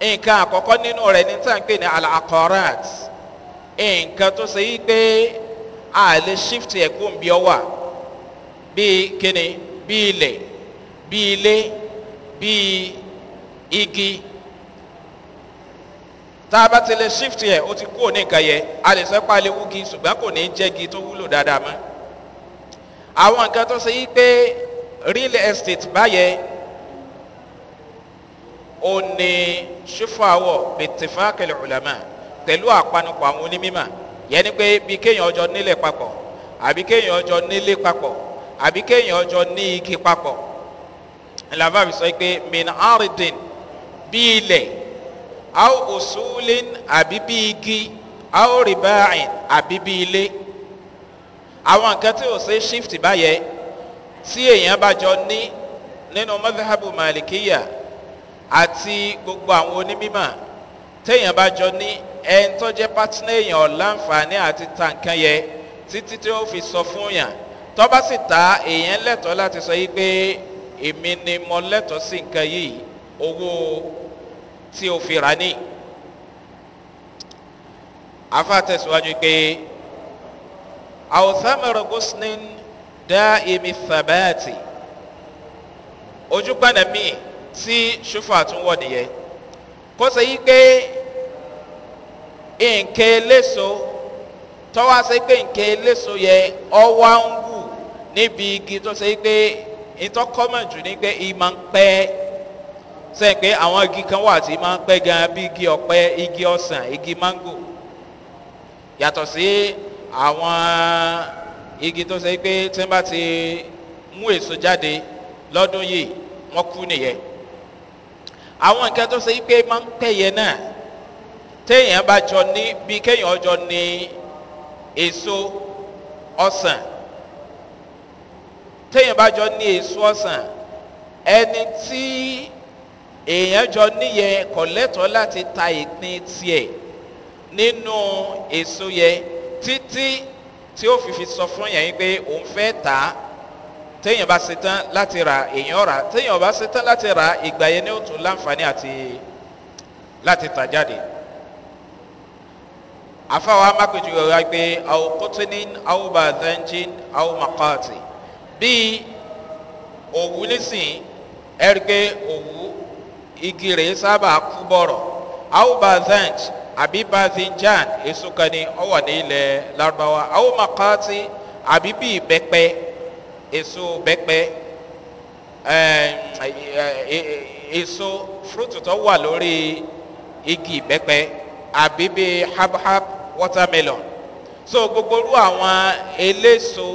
nǹkan àkọ́kọ́ nínú rẹ̀ ní tàǹpé ní alakorat nǹkan tó ṣe yí pé a lè shift ẹ̀kún bí ọ wà bíi kíni bíi ilẹ̀ bíi ilé bíi igi tá a bá ti lè shift yẹ o ti kúrò ní nǹkan yẹ a lè sọ pé a lè wúgi ṣùgbọ́n kò ní jẹ́gi tó wúlò dáadáa mọ́ àwọn nǹkan tó ṣe yí pé real estate báyẹ ó ní ṣífàwọ̀ bìtìfákẹ̀lẹ̀ ọ̀làmà pẹ̀lú àpanupọ̀ àwọn onímọ̀ yẹni pé bí kéèyàn ọjọ́ nílẹ̀ papọ̀ àbí kéèyàn ọjọ́ nílé papọ̀ àbí kéèyàn ọjọ́ ní ike papọ̀ làbá sọ pé min aridin bí ilẹ̀ aw usulin àbí bí igi aw ribain àbí bí ilé àwọn nǹkan tí ò ṣe shift báyẹ tí èèyàn bá jọ ní nínú mọ́tàbù màlìkíyà àti gbogbo àwọn onímọ̀ téèyàn bá jọ ní ẹni tó jẹ́ pátínà èèyàn ọ̀láǹfààní àti tàǹkan yẹ títí tí ó fi sọ fún yàn tó sì ta èèyàn lẹ́tọ̀ọ́ láti sọ yí pé èmi ni mo lẹ́tọ̀ọ́ sí nǹkan yìí owó tí o fi rà ní. afa tẹ̀síwájú pé àwòsàmọ̀rọ̀ gosling dá èmi sàbáàtì ojú gbọ́dọ̀ míì tí ṣùfà tún wọ̀ nìyẹn kó ṣe yí pé nǹkan eléso tọ́wá ṣe pé nǹkan eléso yẹ ọwá ń wù níbi igi tó ṣe pé ìtọ́kọ́mọ̀ jù pé ìmọ̀ ń pẹ́ sẹ́yìn pé àwọn igi kan wà tí máa ń pẹ́ gan bí igi ọ̀pẹ igi ọ̀sán igi mango yàtọ̀ sí àwọn igi tó ṣe pé tí wọ́n bá ti mú èso jáde lọ́dún yìí wọ́n kú nìyẹn àwọn nǹkan tó ṣe pé máa ń pẹ̀yẹ náà téèyàn bá jọ ní bí kéèyàn ọjọ́ ní èso ọ̀sán téèyàn bá jọ ní èso ọ̀sán ẹni tí èèyàn jọ níyẹ kọ̀lẹ́tọ̀ láti ta ìpín tiẹ̀ nínú èso yẹ títí tí ó fìfì sọ fún yẹn pé òun fẹ́ tà á téèyàn bá ṣetán láti rà èèyàn rà téèyàn bá ṣetán láti rà ìgbà yẹn ní ó tún láǹfààní àti láti tà jáde àfáwọn amákòjú ọ̀rọ̀ pé àwọn kótónín àwọn bíi òwú nísìnyí ẹ̀rí òwú igi rẹ̀ sábà kú bọ̀rọ̀ aubazant àbí bazinjan èso kan ni ọ wà ní ilẹ̀ larubawa aumakati àbí bíi bẹ́pẹ́ èso bẹ́pẹ́ èso fúrúùtù tó wà lórí igi bẹ́pẹ́ àbí bíi habhab watermelon so gbogbo irú àwọn eléso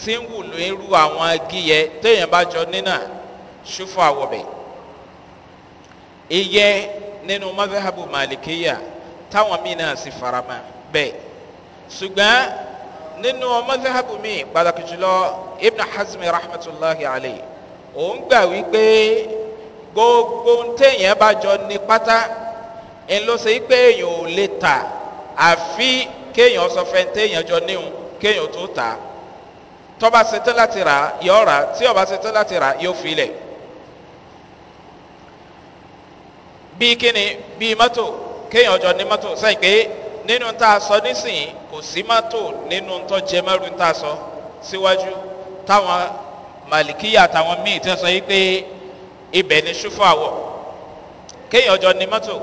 tí ń wù lórí irú àwọn igi yẹn téèyàn bá jọ nínà ṣúfọ àwọ̀bẹ̀ ìyẹ nínú mọ́sáhábù màlìkéyà táwọn míì náà sì farama bẹ́ẹ̀ ṣùgbọ́n nínú mọ́sáhábù míì pàtàkì jùlọ ibn hazmi rahmatulahi alayhi òun gbà wípé gbogbo téèyàn bá jọ ní pátá ń lọ sí pé èèyàn ò lè tà àfi kéèyàn sọ fẹ́ téèyàn jọ níhun kéèyàn tó tà tọ́ba ṣetán láti rà yọ̀ rà tí ọba ṣetán láti rà yóò fi bíi kíni bíi mọ́tò kéèyàn ọjọ́ ní mọ́tò sẹ́yìn pé nínú tá a sọ nísìnyí kò sí mọ́tò nínú tó jẹ mọ́rú tá a sọ síwájú táwọn màlìkíyà táwọn míì tí wọ́n sọ yìí pé ibẹ̀ ni ṣúfọ́ àwọ̀ kéèyàn ọjọ́ ní mọ́tò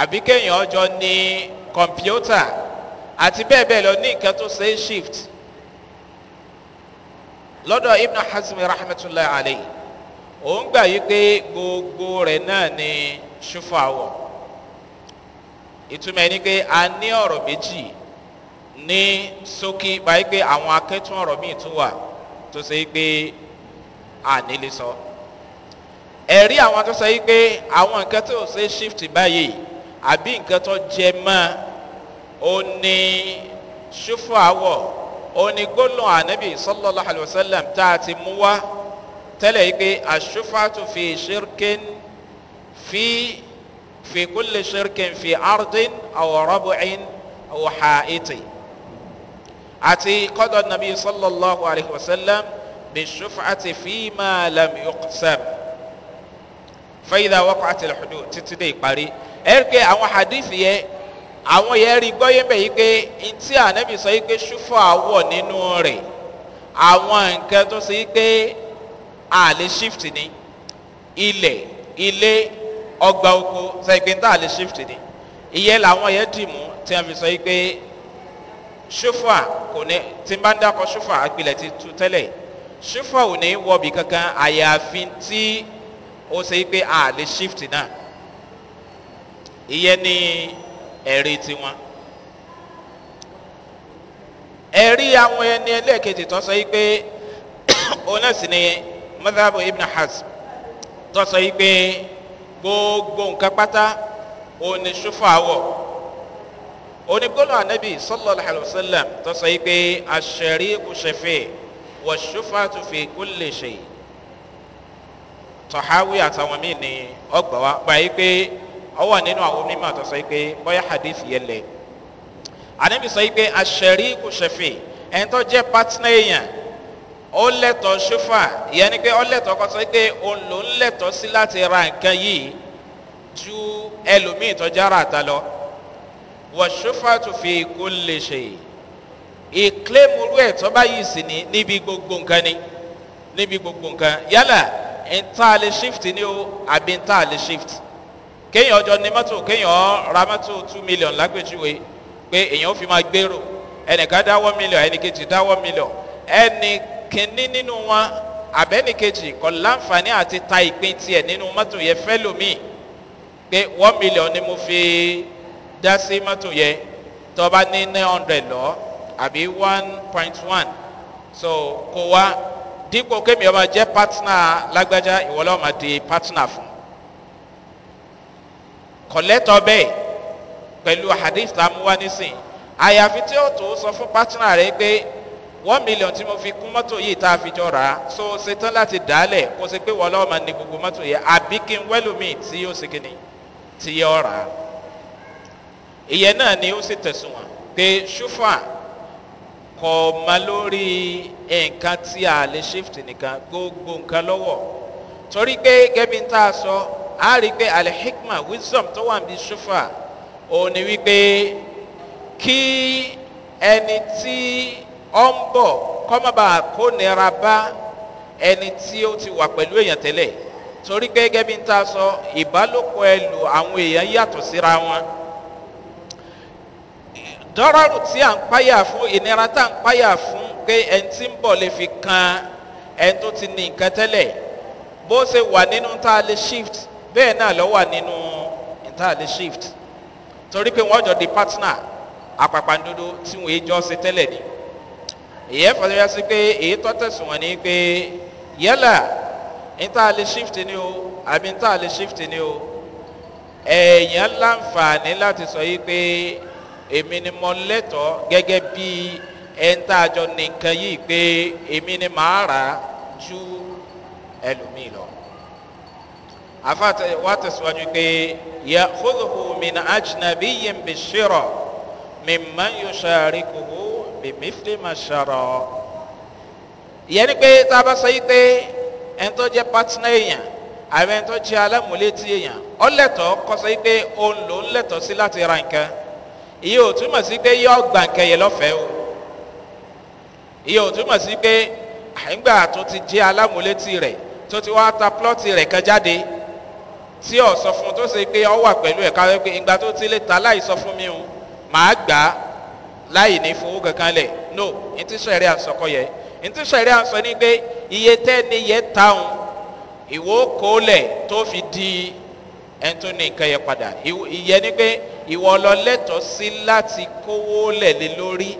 àbí kéèyàn ọjọ́ ní kọ̀mpútà àti bẹ́ẹ̀ bẹ́ẹ̀ lọ ní nǹkan tó ṣe é shift lọ́dọ̀ ibn hasim rahmatulahi alayhi òun gbà yí pé gbogbo rẹ̀ náà ni ṣúfà àwọ̀ ìtumọ̀ ẹni pé a ní ọ̀rọ̀ méjì ní sókí báyìí pé àwọn akẹ́tún ọ̀rọ̀ míì tún wà tó ṣe pé àní lè sọ ẹ̀rí àwọn tó ṣe pé àwọn nǹkan tó ṣe shift báyìí àbí nǹkan tó jẹ mọ́ ó ní ṣúfà ó ní gbólóhùn ànábì sọ́lọ́lá àlùsálàm tá a ti mú wá. تلاقي الشفعة في شرك في في كل شرك في أرض أو ربع أو حائط أتي قضى النبي صلى الله عليه وسلم بالشفعة فيما لم يقسم فإذا وقعت الحدود تتدي قري إرك أو حديثي أو يري قيم بهيك إنت النبي صلى الله ونوري أو أنك تسيك a lè shift ni ilẹ̀ ilé ọgbà oko sẹ́gbẹ̀ntà a lè shift ni ìyẹn làwọn yẹn dì mú tí wọ́n fi sọ pé ṣúfà kò ní tí n bá ń dákọ̀ ṣúfà àpilẹ̀ ti tu tẹ́lẹ̀ ṣúfà ò ní wọ̀bì kankan àyàfi tí ó ṣe pé a shift náà ìyẹn ní ẹ̀rí tiwọn ẹ̀rí àwọn ẹni ẹlẹ́ẹ̀kejì tó sọ pé òun náà sì ni mọ́tàbù ibn hazm tó sọ yìí pé gbogbo nǹkan pátá òní ṣúfà wọ̀ òní gbọ́dọ̀ ànábì sọ́lọ́ alhàlùsọ́lẹ̀m tó sọ yìí pé àṣẹrí kò ṣẹfẹ́ wọ̀ ṣúfà tó fi kú lè ṣe tọ̀háwí àtàwọn míì ní ọgbà wa báyìí pé ọwọ́ nínú àwọn onímọ̀ tó yìí pé bọ́yá hadith yẹn lẹ̀ ànábì sọ yìí pé àṣẹrí kò ṣẹfẹ́ jẹ́ pátínà èèyàn ó lẹ́tọ̀ọ́ ṣúfà ìyẹn ni pé ó lẹ́tọ̀ọ́ kọ́ sọ pé òun ló ń lẹ́tọ̀ọ́ sí láti ra nǹkan yìí ju ẹlòmíì tọ́jà rà ta lọ wọ́n ṣúfà tó fi kó lè ṣe ìklémurú ẹ̀ tó bá yìí níbi gbogbo nǹkan ni níbi gbogbo nǹkan yálà ìta lè shift ni o àbí ìta lè shift kéèyàn ọjọ́ ní mọ́tò kéèyàn ra mọ́tò two million lápèjúwe pé èèyàn ó fi máa gbèrò ẹnìkan dáwọ́ million ẹnìkejì dáwọ́ million ẹnì kínní nínú wọn àbẹ́nìkejì kò láǹfààní àti ta ìpín tiẹ̀ nínú mọ́tò yẹn fẹ́lòmíì pé one million ni mo fi dá sí mọ́tò yẹn tó ní nine hundred lọ àbí one point one so kò wá dípò kémi ọba jẹ́ pátínà lágbájá ìwọlọ́ọ̀ máa di pátínà fún kọ̀lẹ́tọ̀ bẹ́ẹ̀ pẹ̀lú hadith tá a mú wá nísìn àyàfi tí ó tó sọ fún pátínà rẹ pé one million tí mo fi kún mọ́tò yìí tá a fi jọ rà á so ṣetán láti dàálẹ̀ kó ṣe pé wọ́n lọ́wọ́ máa ní gbogbo mọ́tò yẹn àbí kí n wẹ́lùmí tí yóò ṣe kíni tí yóò rà á ìyẹn náà ni ó sì tẹ̀sùn wọn pé ṣúfà kọ̀ ma lórí nǹkan tí a lè shift nìkan gbogbo nǹkan lọ́wọ́ torí pé gẹ́bí ń tá a sọ a rí i pé alihikma wisdom tó wà níbi ṣúfà òun ni wípé kí ẹni tí ọ ń bọ̀ kọ́mọba kó nira bá ẹni tí ó ti wà pẹ̀lú èèyàn tẹ́lẹ̀ torí pé gẹ́gẹ́ bí n ta sọ ìbálòpọ̀ ẹlò àwọn èèyàn yàtọ̀ síra wọn dọ́rọ̀rù tí à ń páyà fún ìnira tá à ń páyà fún pé ẹni tí ń bọ̀ lè fi kan ẹni tó ti ní nǹkan tẹ́lẹ̀ bó ṣe wà nínú tá a lè shift bẹ́ẹ̀ náà lọ́ wà nínú tá a lè shift torí pé wọ́n jọ di partner àpàpàǹdodo tí wọ́n èjọ́ ṣe tẹ́lẹ̀ ni ìyẹn fọdún yá sí pé èyí tó tẹ̀sùn wọn ni pé yálà níta lè shift ni o àbí níta lè shift ni o èèyàn láǹfààní láti sọ yìí pé èmi ni mo lẹ́tọ̀ọ́ gẹ́gẹ́ bí ẹni tá a jọ nìkan yìí pé èmi ni màá rà á ju ẹlòmíì lọ. afa wa tẹ̀síwájú pé yà fúdùkù mi ní ajínàbí yìí ń bè ṣírọ̀ mi máa ń yọ ṣàríkù bìmífìlì mà ṣàrọ̀ ìyẹn ni pé taba a bá sọ yìí pé ẹni tó jẹ́ pátínà èèyàn àwọn ẹni tó jẹ́ alámúlétí èèyàn ọ lẹ́tọ̀ọ́ kọ́ sọ yìí pé òun lòún lẹ́tọ̀ọ́ sí láti ra nǹkan ìyẹn ò túmọ̀ sí pé yọ gbà nǹkan yẹn lọ́fẹ̀ẹ́ o ìyẹn ò túmọ̀ sí pé àyíngbà tó ti jẹ́ alámúlétí rẹ̀ tó ti wá ta plọ́ọ̀tì rẹ̀ kan jáde tí ọ̀ sọ fún tó ṣe pé ọ wà pẹ̀lú ẹ̀ káwé ìgbà tó ti lè ta láì sọ fún mi o màá gbà á láì ní fowó kankan lẹ̀ no ntí sọ̀rí àsọkọ yẹ ntí sọ̀rí àsọ ni pé iye tẹ́ni yẹ táwọn ìwó kó lẹ̀ tó fi di ẹ̀tún ní nǹkan yẹn padà ìyẹn ni pé ìwọ lọ lẹ́tọ̀ọ́ sí láti kówó lẹ̀ lé lórí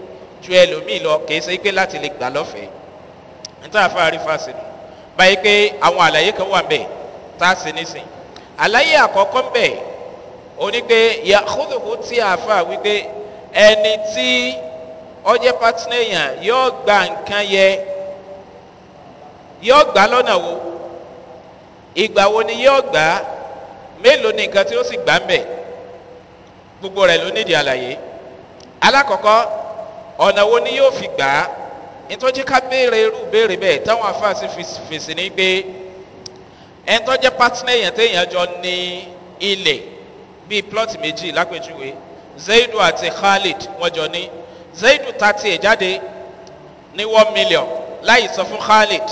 ju ẹlòmíì lọ kìí ṣe pé láti lè gbà lọ́fẹ̀ẹ́ nítorí àfáàrí fásitì báyìí pé àwọn àlàyé kan wà ń bẹ̀ tá a sì nísìn àlàyé àkọ́kọ́ ń bẹ̀ oní pé yàkúndùkú tí àáfàá wípé ẹni tí ọjẹ́ pátínà èèyàn yóò gba nǹkan yẹ yóò gbà lọ́nà wo ìgbà wo ni yóò gbà mélòó ni nǹkan tí ó sì gbà ń bẹ̀ gbogbo rẹ̀ ló nídìí àlàyé alákọ̀ọ́kọ́ ọ̀nà wo ni yóò fi gbà á ìtọ́jú ká béèrè irú béèrè bẹ́ẹ̀ táwọn afáàsì fèsì ní gbé ẹ̀ńtọ́jẹ́ pátínà téèyàn jọ ní ilẹ̀ bíi plọ́ọ̀tì méjì lápèjúwe zaidu àti khalid wọ́n jọ ní zaidu ta tiẹ̀ jáde ní one million láì sọ fún khalid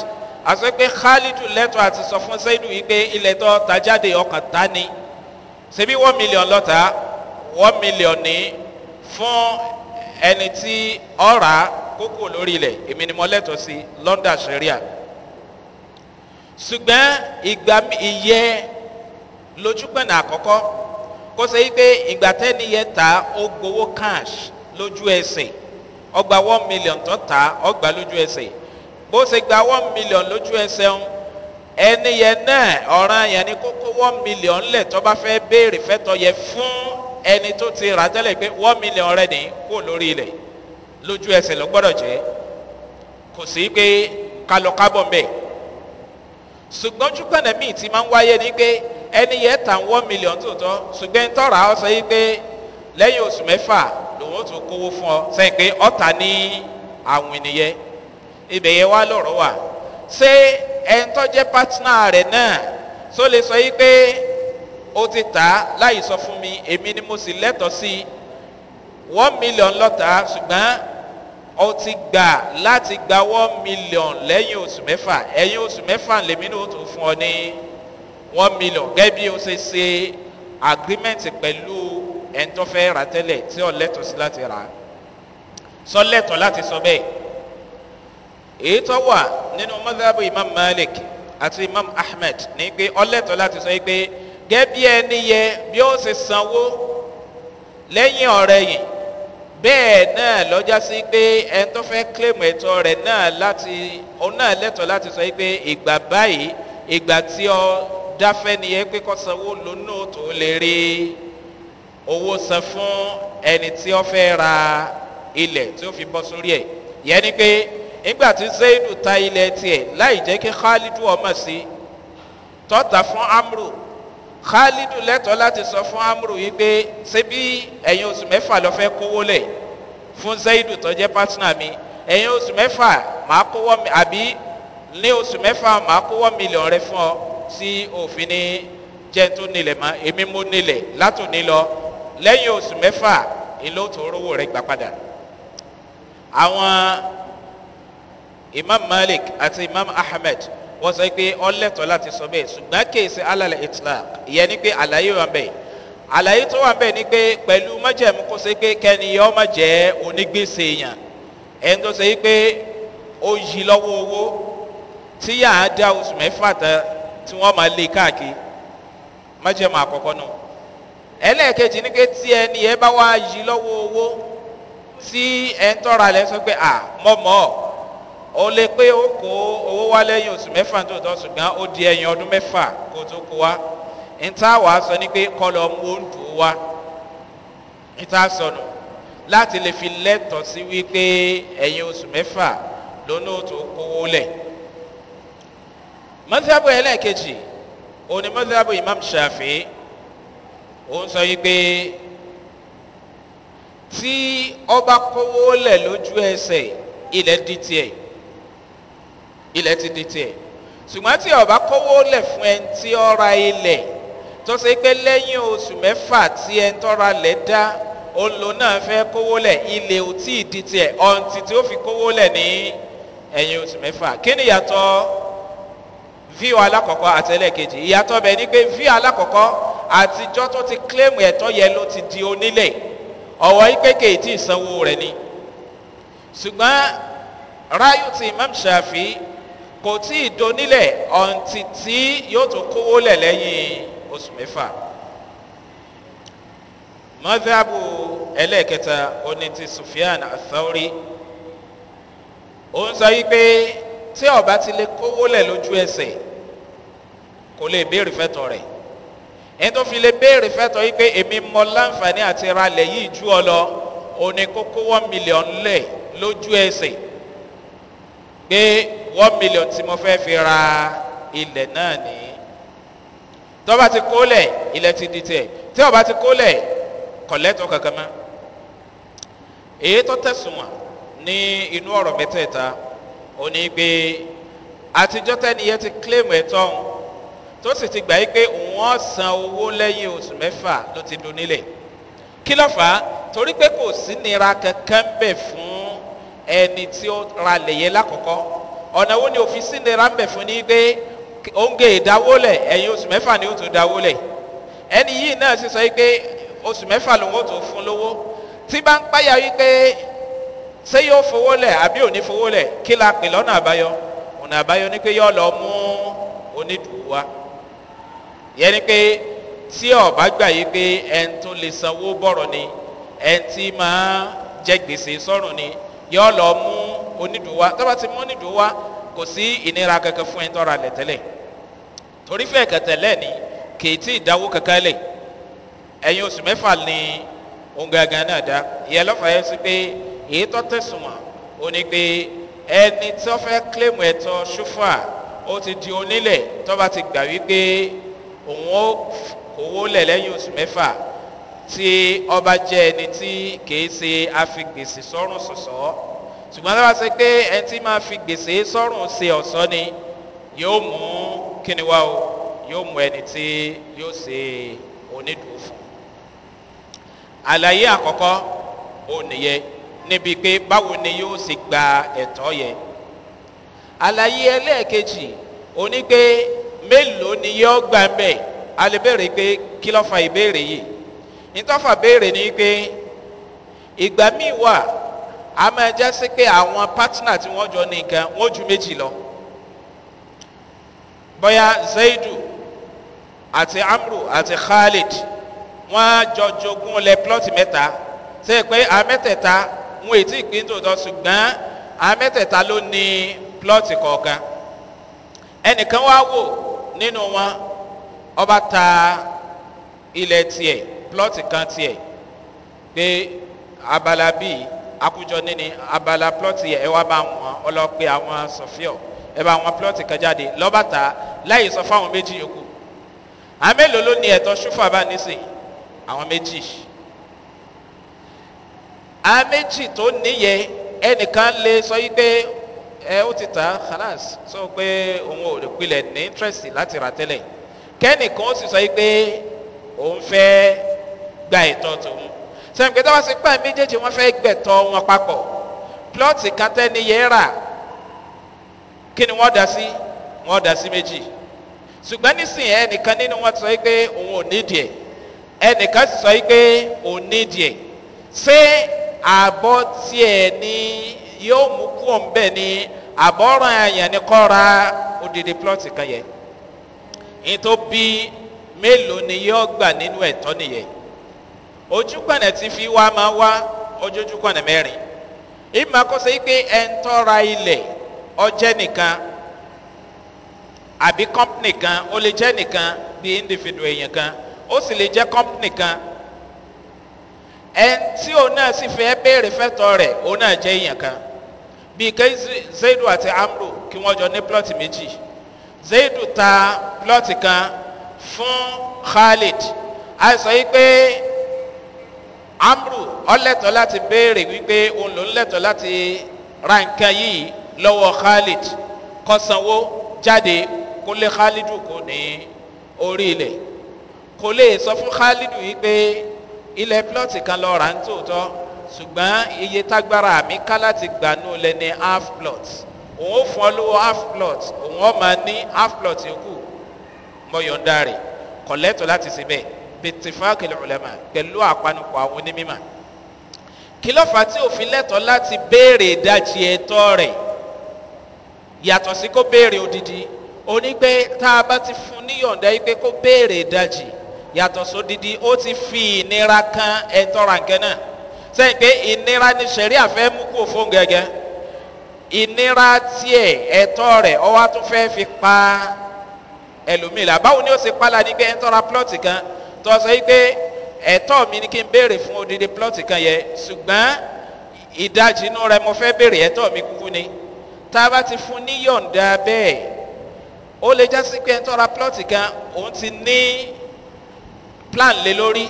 àti pé khalid lẹ́tọ̀ àti sọ fún zaidu yìí pé ilẹ̀ tó ta jáde ọkàn ta ni ṣebí one million lọ́ta one million ní fún ẹni tí ọ̀rà kókò lórí ilẹ̀ èmi ni mo lẹ́tọ̀ sí london sharia ṣùgbọ́n ìgbà ìyẹ lójúpẹ̀nà àkọ́kọ́ kó ṣe yí pé ìgbà tẹ́ni yẹn ta ó gbowó cash lójú ẹsẹ̀ ọgbà one million tó ta ọgbà lójú ẹsẹ̀ bó ṣe gba one million lójú ẹsẹ̀ ń ẹni yẹn náà ọ̀ràn yẹn ni kókó one million lẹ̀ tó bá fẹ́ béèrè fẹ́tọ̀ yẹ fún ẹni tó ti rà tẹ́lẹ̀ pé one million rẹ̀ ní kó lórí ilẹ̀ lójú ẹsẹ̀ ló gbọ́dọ̀ jẹ́ kò sí pé kalọ̀kábọ̀ mbẹ́ ṣùgbọ́n jùpẹ̀nẹ̀ ti máa ń wáyé ni pé ẹni yẹ tàn one million tó tọ́ ṣùgbọ́n tọ́ra ọ sọ yìí pé lẹ́yìn oṣù mẹ́fà lòun ó tún kówó fún ọ sẹ́yìn pé ọ̀tà ní àwìn nìyẹn ibẹ̀ yẹn wá lọ̀rọ̀ wà ṣé ẹni tó jẹ́ pátínà rẹ̀ náà tó lè sọ yìí pé ó ti tà á láì sọ fún mi èmi ni mo sì lẹ́tọ̀ọ́ sí one million lọ́tà ṣùgbọ́n ó ti gbà láti gba one million lẹ́yìn oṣù mẹ́fà ẹ̀yìn oṣù mẹ́fà lèmi ni ó tún fún ọ ní one million gẹ́gẹ́ bí o ṣe ṣe agreement pẹ̀lú ẹni tó fẹ́ rà tẹ́lẹ̀ tí ò lẹ́tọ̀ọ́ sí láti rà sọ lẹ́tọ̀ọ́ láti sọ bẹ́ẹ̀ èyí tó wà nínú mọ́sáàbù imam malik àti imam ahmed ní pé ọlẹ́tọ̀ọ́ láti sọ pé gẹ́gẹ́ bí ẹni yẹ bí ó ṣe sanwó lẹ́yìn ọ̀rẹ́ yìí bẹ́ẹ̀ náà lọ́jà sí pé ẹni tó fẹ́ kílèmù ẹ̀tọ́ rẹ̀ náà láti òun náà lẹ́tọ̀ọ́ láti sọ pé ìgbà báyìí ìgbà tí ọ dáfẹ́ nìyẹn pé kọ́sanwó lónà tó lè rí owó san fún ẹni tí ó fẹ́ ra ilẹ̀ tí ó fi bọ́ sórí ẹ̀ yẹn ni pé nígbà tí zaidu ta ilẹ̀ tiẹ̀ láì jẹ́ kí khalidu ọmọ sí tọ́ta fún amru khalidu lẹ́tọ̀ọ́ láti sọ fún amru yìí pé ṣé bí ẹ̀yin oṣù mẹ́fà lọ fẹ́ kówó lẹ̀ fún zaidu tó jẹ́ pátínà mi ẹ̀yin oṣù mẹ́fà màá kówó àbí ní oṣù mẹ́fà màá kówó mílíọ̀n rẹ fún ọ tí òfin ní jẹ́ tó nílẹ̀ mọ́ èmi mú nílẹ̀ látòní lọ lẹ́yìn oṣù mẹ́fà ìlú tó rówó rẹ̀ gbà padà. àwọn imam malik àti imam ahmed wọ́n sọ pé ọlẹ́tọ̀ láti sọ bẹ́ẹ̀ ṣùgbọ́n kéèsì alàlẹ̀ islam ìyẹn ni pé àlàyé wà bẹ́ẹ̀ àlàyé tó wà bẹ́ẹ̀ ni pé pẹ̀lú mọ́jẹ̀mú kó ṣe pé kẹ́niyàn ọmọ jẹ́ onígbèsè èèyàn ẹni tó ṣe pé ó yí lọ́wọ́ owó tíyà á dá oṣù mẹ́fà tán tí wọ́n máa lé káàkiri májèmọ̀ àkọ́kọ́ náà ẹlẹ́ẹ̀kejì ni pé tí ẹni ẹ bá wá yí lọ́wọ́ owó tí ẹ ń tọ́ra lẹ sọ pé à mọ̀mọ́ ó lè pé ó kó owó wá lẹ́yìn oṣù mẹ́fà tó tọ́ ṣùgbọ́n ó di ẹ̀yìn ọdún mẹ́fà kó tó kó wá níta wà á sọ ni pé kọ́ lọ mú oúnjẹ wá níta sọnù láti lè fi lẹ́tọ̀ọ́ sí wípé ẹ̀yìn oṣù mẹ́fà lónà tó kówó lẹ̀ mọ́sáàbù ẹlẹ́ẹ̀kejì òun ni mọ́sáàbù imam shafi òun sọ yìí pé tí ọba kówó lẹ̀ lójú ẹsẹ̀ ilẹ̀ di tiẹ̀ ilẹ̀ ti di tiẹ̀ ṣùgbọ́n tí ọba kówó lẹ̀ fún ẹni tí ọ̀ra ilẹ̀ tó ṣe pé lẹ́yìn oṣù mẹ́fà tí ẹni tọ́ra lẹ̀ dá olo náà fẹ́ kówó lẹ̀ ilẹ̀ ò tí ì di tiẹ̀ ọ̀ǹtì tí ó fi kówó lẹ̀ ní ẹ̀yìn oṣù mẹ́fà kí ni yàtọ̀ fíò alákọ̀ọ́kọ́ àtẹlẹ́kejì ìyàtọ̀ bẹ̀ ni pé fíò alákọ̀ọ́kọ́ àtijọ́ tó ti kílẹ̀mù ẹ̀tọ́ yẹn ló ti di onílẹ̀ ọ̀wọ́ ìpèkè tí ìsanwó rẹ̀ ni ṣùgbọ́n ráyù ti imam shafi kò tí ì donílẹ̀ ọ̀ǹtì tí yóò tó kówó lẹ̀ lẹ́yìn oṣù mẹ́fà mọ́tàbù ẹlẹ́ẹ̀kẹta oní ti sufiyan athauri ó ń sọ yí pé tí ọba ti lè kówó lẹ̀ lójú ẹsẹ̀ kò lè béèrè fẹ́tọ̀ rẹ̀ ẹni tó fi lè béèrè fẹ́tọ̀ yìí pé èmi mọ láǹfààní àti ralẹ̀ yìí ju ọ lọ òní kókó one million lẹ̀ lójú ẹsẹ̀ pé one million tí mo fẹ́ fi ra ilẹ̀ náà ní tọ́ba ti kólẹ̀ ilẹ̀ ti di tiẹ̀ tí ọba ti kólẹ̀ kọ̀lẹ́tọ̀ kankan mọ́ èyí tó tẹ̀sùn ní inú ọ̀rọ̀ mẹ́tẹ̀ẹ̀ta òní pé àtijọ́ tẹ́niyẹ ti kílèmù ẹ̀tọ́ ọ̀hún tó sì ti gbà yí pé òun ọ̀ san owó lẹ́yìn oṣù mẹ́fà ló ti do nílẹ̀ kí ló fà á torí pé kò sí nira kankan bẹ̀ fún ẹni tí ó ra lẹ̀yẹ lákọ̀ọ́kọ́ ọ̀nà wo ni òfin sí nira ń bẹ̀ fún ni pé oúnjẹ ìdáwólẹ̀ ẹ̀yìn oṣù mẹ́fà ni ó tún dáwólẹ̀ ẹni yìí náà sì sọ yí pé oṣù mẹ́fà lòun ó tún fún lówó tí bá ń páyà yí pé ṣé yóò fowó lẹ̀ àbí ò fowó lẹ̀ kí la pè lọ́nà àbáyọ ọ̀nà àbáyọ ni pé yóò lọ mú onídùú yẹn ni pé tí ọba gbà yí pé ẹni tó lè sanwó bọ̀rọ̀ ni ẹni tí máa jẹ gbèsè sọ̀rùn ni yọ lọ mú onídùúwá tó bá ti mú onídùúwá kò sí ìnira kankan fún ẹni tọ́ra lẹ̀ tẹ́lẹ̀ torí fẹ́ kẹtẹ̀lẹ́ ni kì í tí ì dáwó kankan lẹ̀ ẹ̀yin oṣù mẹ́fà ni òun gangan náà dá ìyẹn lọ́fàá yẹn sí pé èyí tó tẹ̀sùn wọn ò ní pé ẹni tó fẹ́ kílèmù ẹ̀tọ́ ṣúfà ó ti di onílẹ̀ tó bá ti gbà wípé òun ó kówó lẹ̀ lẹ́yìn oṣù mẹ́fà tí ọba jẹ́ ẹni tí kìí ṣe afigbèsè sọ́rùn sọ̀sọ́ ṣùgbọ́n tó bá ṣe pé ẹni tí máa fi gbèsè sọ́rùn ṣe ọ̀sọ́ ni yóò mú kíni wá o yóò mú ẹni tí yóò ṣe onídùú fún àlàyé àkọ́kọ́ ò nìyẹ níbi pé báwo ni yóò ṣe gba ẹ̀tọ́ yẹ àlàyé ẹlẹ́ẹ̀kejì oní mélòó ni yóò gbà ń bẹ̀ a lè pé kí ló fa ìbéèrè yìí nítọ́fà béèrè ni pé ìgbà míì wà a máa jẹ́ sí pé àwọn pátínà tí wọ́n jọ ní wọ́n ju méjì lọ bóyá zaidu àti amru àti khalid wọ́n jọ jogún lẹ plọ́tì mẹ́ta ṣe é pé àmẹ́tẹ̀ta wọn èyí tí ìpín tòótọ́ ṣùgbọ́n àmẹ́tẹ̀ta ló ní plọ́tì kọ̀ọ̀kan ẹnìkan wá wò nínú wọn ọba ta ilẹ̀ tiẹ̀ plọ́ọ̀tì kan tiẹ̀ pé abala bíi akújọ níní abala plọ́ọ̀tì ẹ̀ wá bá wọn ọlọ́pẹ́ àwọn sọfíọ̀ ẹ bá wọn plọ́ọ̀tì kan jáde lọ́ba ta láyé sọ fáwọn méjì yòókù àwọn mélòó ló ní ẹ̀tọ́ ṣúfà bá nísìnyí àwọn méjì àwọn tó níyẹ ẹnìkan lè sọ yí pé ẹ ó ti ta khalas sọ pé òun ò lè pilẹ̀ ní interest láti rà tẹ́lẹ̀ kẹ́nìkan ó sì sọ yìí pé òun fẹ́ gba ìtọ́ tòun sẹ́yìn pé táwọn sípà méjèèjì wọ́n fẹ́ gbẹ̀tọ́ wọn papọ̀ plọ́ọ̀tì kan yẹn rà kí ni wọ́n dá sí wọ́n dá sí méjì ṣùgbọ́n nísìnyí ẹnìkan nínú wọn sọ yìí pé òun ò ní díẹ̀ ẹnìkan sì sọ yìí pé òun ní díẹ̀ ṣé àbọ̀ tiẹ̀ ní yóò mú kú òun bẹ́ẹ̀ ni àbọ̀ràn àyàn ni kọ́ra odidi plọ́ọ̀tì kan yẹ ní tó bí mélòó ni yóò gbà nínú ẹ̀tọ́ nìyẹn ojúkànnà tí fi wá máa wá ojójúkànnà mẹ́rin ìmọ̀ akọ́sẹ́ yìí pé ẹ̀ ń tọ́ra ilẹ̀ ọjẹ́ nìkan àbí kọ́mpìnì kan ó lè jẹ́ nìkan bí individual èèyàn kan ó sì lè jẹ́ kọ́mpìnì kan ẹ̀ òun náà sì fẹ́ béèrè fẹ́tọ̀ rẹ̀ òun náà jẹ́ èèyàn kan bíi kí zaidu àti amru kí wọ́n jọ ní plọ́ọ̀tì méjì zaidu ta plọ́ọ̀tì kan fún khalid a sọ yìí pé amru ọlẹ́tọ̀ láti béèrè wípé òun lòún lẹ́tọ̀ láti ra nǹkan yìí lọ́wọ́ khalid kọ́sanwó jáde kó lé khalidu kò ní orí ilẹ̀ kò lè sọ fún khalidu yìí pé ilẹ̀ plọ́ọ̀tì kan lọ́ọ́ rà ń tòótọ́ ṣùgbọ́n iye tágbára mi ká láti gbà nù lẹ ní half plot òun ó fún ọ lówó half plot òun ó máa ní half plot yòókù mọ̀yọ̀ǹda rẹ̀ kọ̀lẹ́tọ̀ láti ṣe bẹ́ẹ̀ bẹ̀tẹ̀fáàkìlì ọ̀lẹ́mà pẹ̀lú àpanupọ̀ àwọn onímọ̀ kí ló fà tí òfin lẹ́tọ̀ láti béèrè ìdajì ẹ̀tọ́ rẹ̀ yàtọ̀ sí kó béèrè odidi oní pé tá a bá ti fún níyọ̀ǹda yìí pé kó béèrè ìdajì yàtọ̀ sódidi ó ti fi ìnira kan ẹ̀tọ́ ràǹkẹ́ náà sẹ́yìn pé ìnira ni sẹ̀ríà fẹ́ mú kó fún gẹ́gẹ́ ìnira tiẹ̀ ẹ̀tọ́ rẹ̀ ọwọ́ tún fẹ́ fi pa ẹlòmíì la báwo ni ó ṣe pálá ní pé ń tọ́ra plọ́ọ̀tì kan tó sọ yìí pé ẹ̀tọ́ mi ni kí n béèrè fún odidi plọ́ọ̀tì kan yẹ ṣùgbọ́n ìdajì inú rẹ mo fẹ́ béèrè ẹ̀tọ́ mi kúkú ni tá a bá ti fún ní yọ̀ǹda bẹ́ẹ̀ ó lè já sí pé ń tọ́ra plọ́ọ̀tì kan òun ti ní plan lé lórí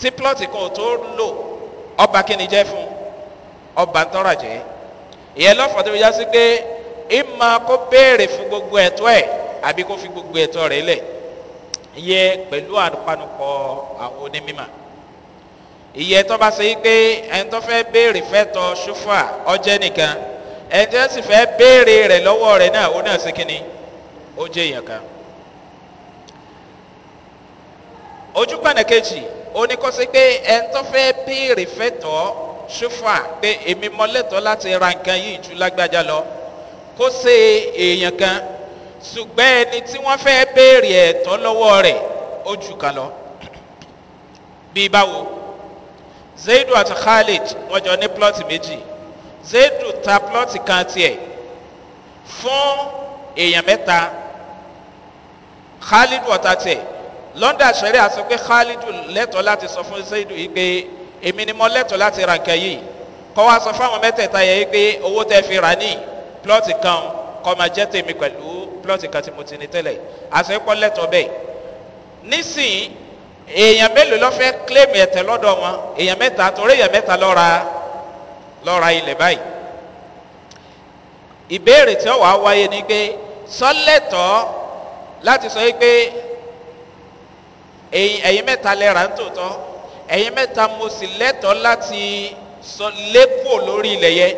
tí plọ́ọ̀tì kan ò tó lò ọba kí ni jẹ́ fún ọba tọ́ra jẹ́ ìyẹn lọ́fọ̀ọ́ tó yá sí pé ìmọ̀ kó béèrè fún gbogbo ẹ̀tọ́ ẹ̀ àbí kó fi gbogbo ẹ̀tọ́ rẹ̀ lẹ̀ yẹ pẹ̀lú àpanupọ̀ àwọn onímọ̀ ìyẹn tó bá ṣe pé ẹni tó fẹ́ béèrè fẹ́ tọ ṣúfà ọjẹ́ nìkan ẹni tó sì fẹ́ béèrè rẹ̀ lọ́wọ́ rẹ̀ náà ó náà ṣe kínní ó jẹ́ èèyàn kan ojú pàdé kejì ó ní kó sí pé ẹni tó fẹ́ béèrè fẹ́ tọ́ ṣúfà pé èmi mọ́lẹ́tọ́ láti ra nǹkan yìí ju lágbájá lọ kó ṣe èèyàn kan ṣùgbọ́n ẹni tí wọ́n fẹ́ béèrè ẹ̀tọ́ lọ́wọ́ rẹ̀ ó jù kan lọ bí báwo zaidu àti khalid wọ́n jọ ní plọ́ọ̀tì méjì zaidu ta plọ́ọ̀tì kan tiẹ̀ fún èèyàn mẹ́ta khalid wọ́ta tiẹ̀ lọ́ndà sẹ́rí àsọ pé khalidu lẹ́tọ̀ọ́ láti sọ fún seidu yìí pé èmi ni mo lẹ́tọ̀ọ́ láti ra nǹkan yìí kọ́ wa sọ fáwọn mẹ́tẹ̀ẹ̀ta yẹ pé owó tẹ́ fi rà ní plọ́ọ̀tì kan kọ́ máa jẹ́ tèmi pẹ̀lú plọ́ọ̀tì kan tí mo ti ní tẹ́lẹ̀ àsọ pé lẹ́tọ̀ọ́ bẹ́ẹ̀ nísìnyí èèyàn mélòó lọ́ kílèmù ẹ̀tẹ̀ lọ́dọ̀ wọn èèyàn mẹ́ta torí èèyàn mẹ́ta lọ́ra lọ́ra ilẹ̀ báyìí ìbéèrè tí wàá wáyé ni pé sọ́lẹ̀tọ̀ láti sọ yìí pé ẹ̀yin mẹ́ta lẹ́ra ń tòótọ́ ẹ̀yin mẹ́ta mo sì lẹ́tọ̀ọ́ láti sọ lẹ́kọ̀ọ́ lórí ilẹ̀ yẹ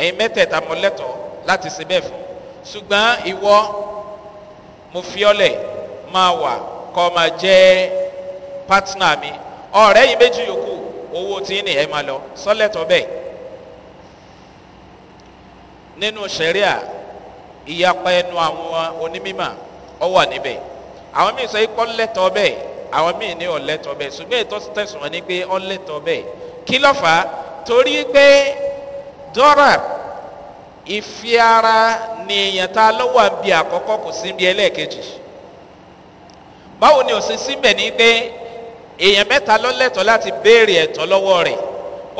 ẹ̀yin mẹ́tẹ̀ẹ̀ta mo lẹ́tọ̀ọ́ láti ṣe bẹ́ẹ̀ fún ṣùgbọ́n ìwọ mo fi ọ́lẹ̀ máa wà kọ́ máa jẹ́ pátínà mi ọ̀rẹ́ yìí méjì yòókù owó tí ní ẹ̀ máa lọ sọ́lẹ̀tọ̀ bẹ́ẹ̀ nínú sẹ̀ríà ìyapa ẹnu àwọn onímọ̀ ọ wà níbẹ̀ àwọn míì sọ ikọ́ lẹ́tọ̀ bẹ́ẹ̀ àwọn míì ní ọ̀lẹ́tọ̀ bẹ́ẹ̀ ṣùgbọ́n ètò tẹ̀sùn wọn ni pé ọ̀lẹ́tọ̀ bẹ́ẹ̀ kí ló fà á torí pé dọ́rà ìfi ara ni èèyàn ta ló wà bí àkọ́kọ́ kò sí bí ẹlẹ́ẹ̀kejì báwo ni òsín síbẹ̀ ni pé èèyàn mẹ́ta lọ́lẹ́tọ̀ láti béèrè ẹ̀tọ́ lọ́wọ́ rẹ̀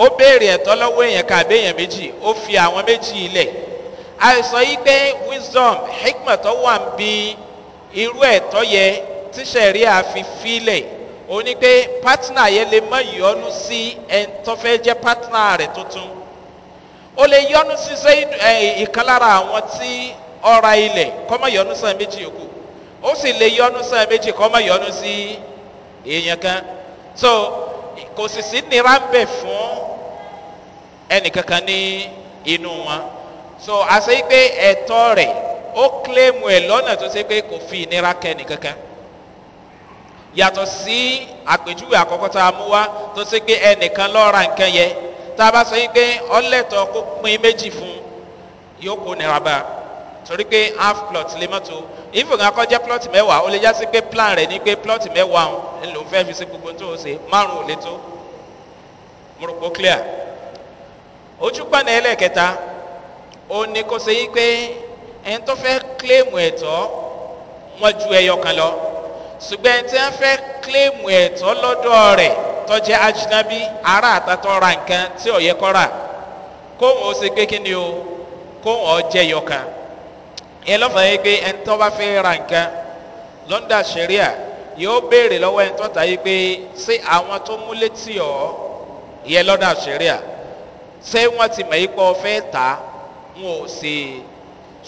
ó béèrè ẹ̀tọ́ lọ́wọ́ èèyàn ká béèyàn méjì ó fi àwọn méjì ilẹ̀ àìsàn yìí pé wisdom hikmat wà ń bi irú ẹ̀tọ́ yẹ tí sẹ̀ríà fi fílẹ̀ o ní pé pátínà yẹn lè mọ ìyọnu sí ẹni tó fẹ́ jẹ́ pátínà rẹ̀ tuntun o lè yọnu sí ìkan lára àwọn tí ọ̀ra ilẹ̀ kọ́mọ yọnu sàn méjì yòókù ó sì lè yọnu sàn méjì kọ́mọ yọnu sí èèyàn kan so kò sì sí nira ń bẹ̀ fún ẹnìkankan ní inú wọn so àṣeyí pé ẹ̀tọ́ rẹ̀ ó kílèmù ẹ̀ lọ́nà tó ṣe pé kò fi ìnira kẹ́ nìkankan yàtọ̀ sí àpèjúwe àkọ́kọ́ tá a mú wá tó ṣe pé ẹnìkan lọ́ọ́ ra nǹkan yẹ tá a bá sọ yín pé ọlẹ́tọ̀ kó pin méjì fún yóò kó nira bá a torí pé half plot lè mọ́tò ìfòkàn akọ́jẹ́ plot mẹ́wàá ó lè já sí pé plan rẹ̀ ni pé plot mẹ́wàá ń lòún fẹ́ fi sí gbogbo tó ṣe márùn-ún lè tó mo clear ojú pàdé ẹlẹ́ẹ̀kẹta ó ní kó ṣe yín pé ẹni tó fẹ́ claim ẹ̀tọ́ wọ́n ju ẹyọ kan lọ ṣùgbọ́n tí wọ́n fẹ́ kílèmù ẹ̀tọ́ lọ́dọ̀ rẹ̀ tọ́jẹ́ ajinabi ara àtàtọ́ ra nǹkan tí ọ̀yẹ́ kọ́ rà kóhùn ó ṣe pé kí ni o kóhùn ó jẹ́ yọkan ìyẹn lọ́fà yìí pé ẹni tó bá fẹ́ ra nǹkan lọ́ndà sẹ́ríà yóò béèrè lọ́wọ́ ẹni tó ta yìí pé ṣé àwọn tó mú létí ọ̀ ìyẹn lọ́ndà sẹ́ríà ṣé wọ́n ti mọ̀ yìí fẹ́ tà wọn ò sì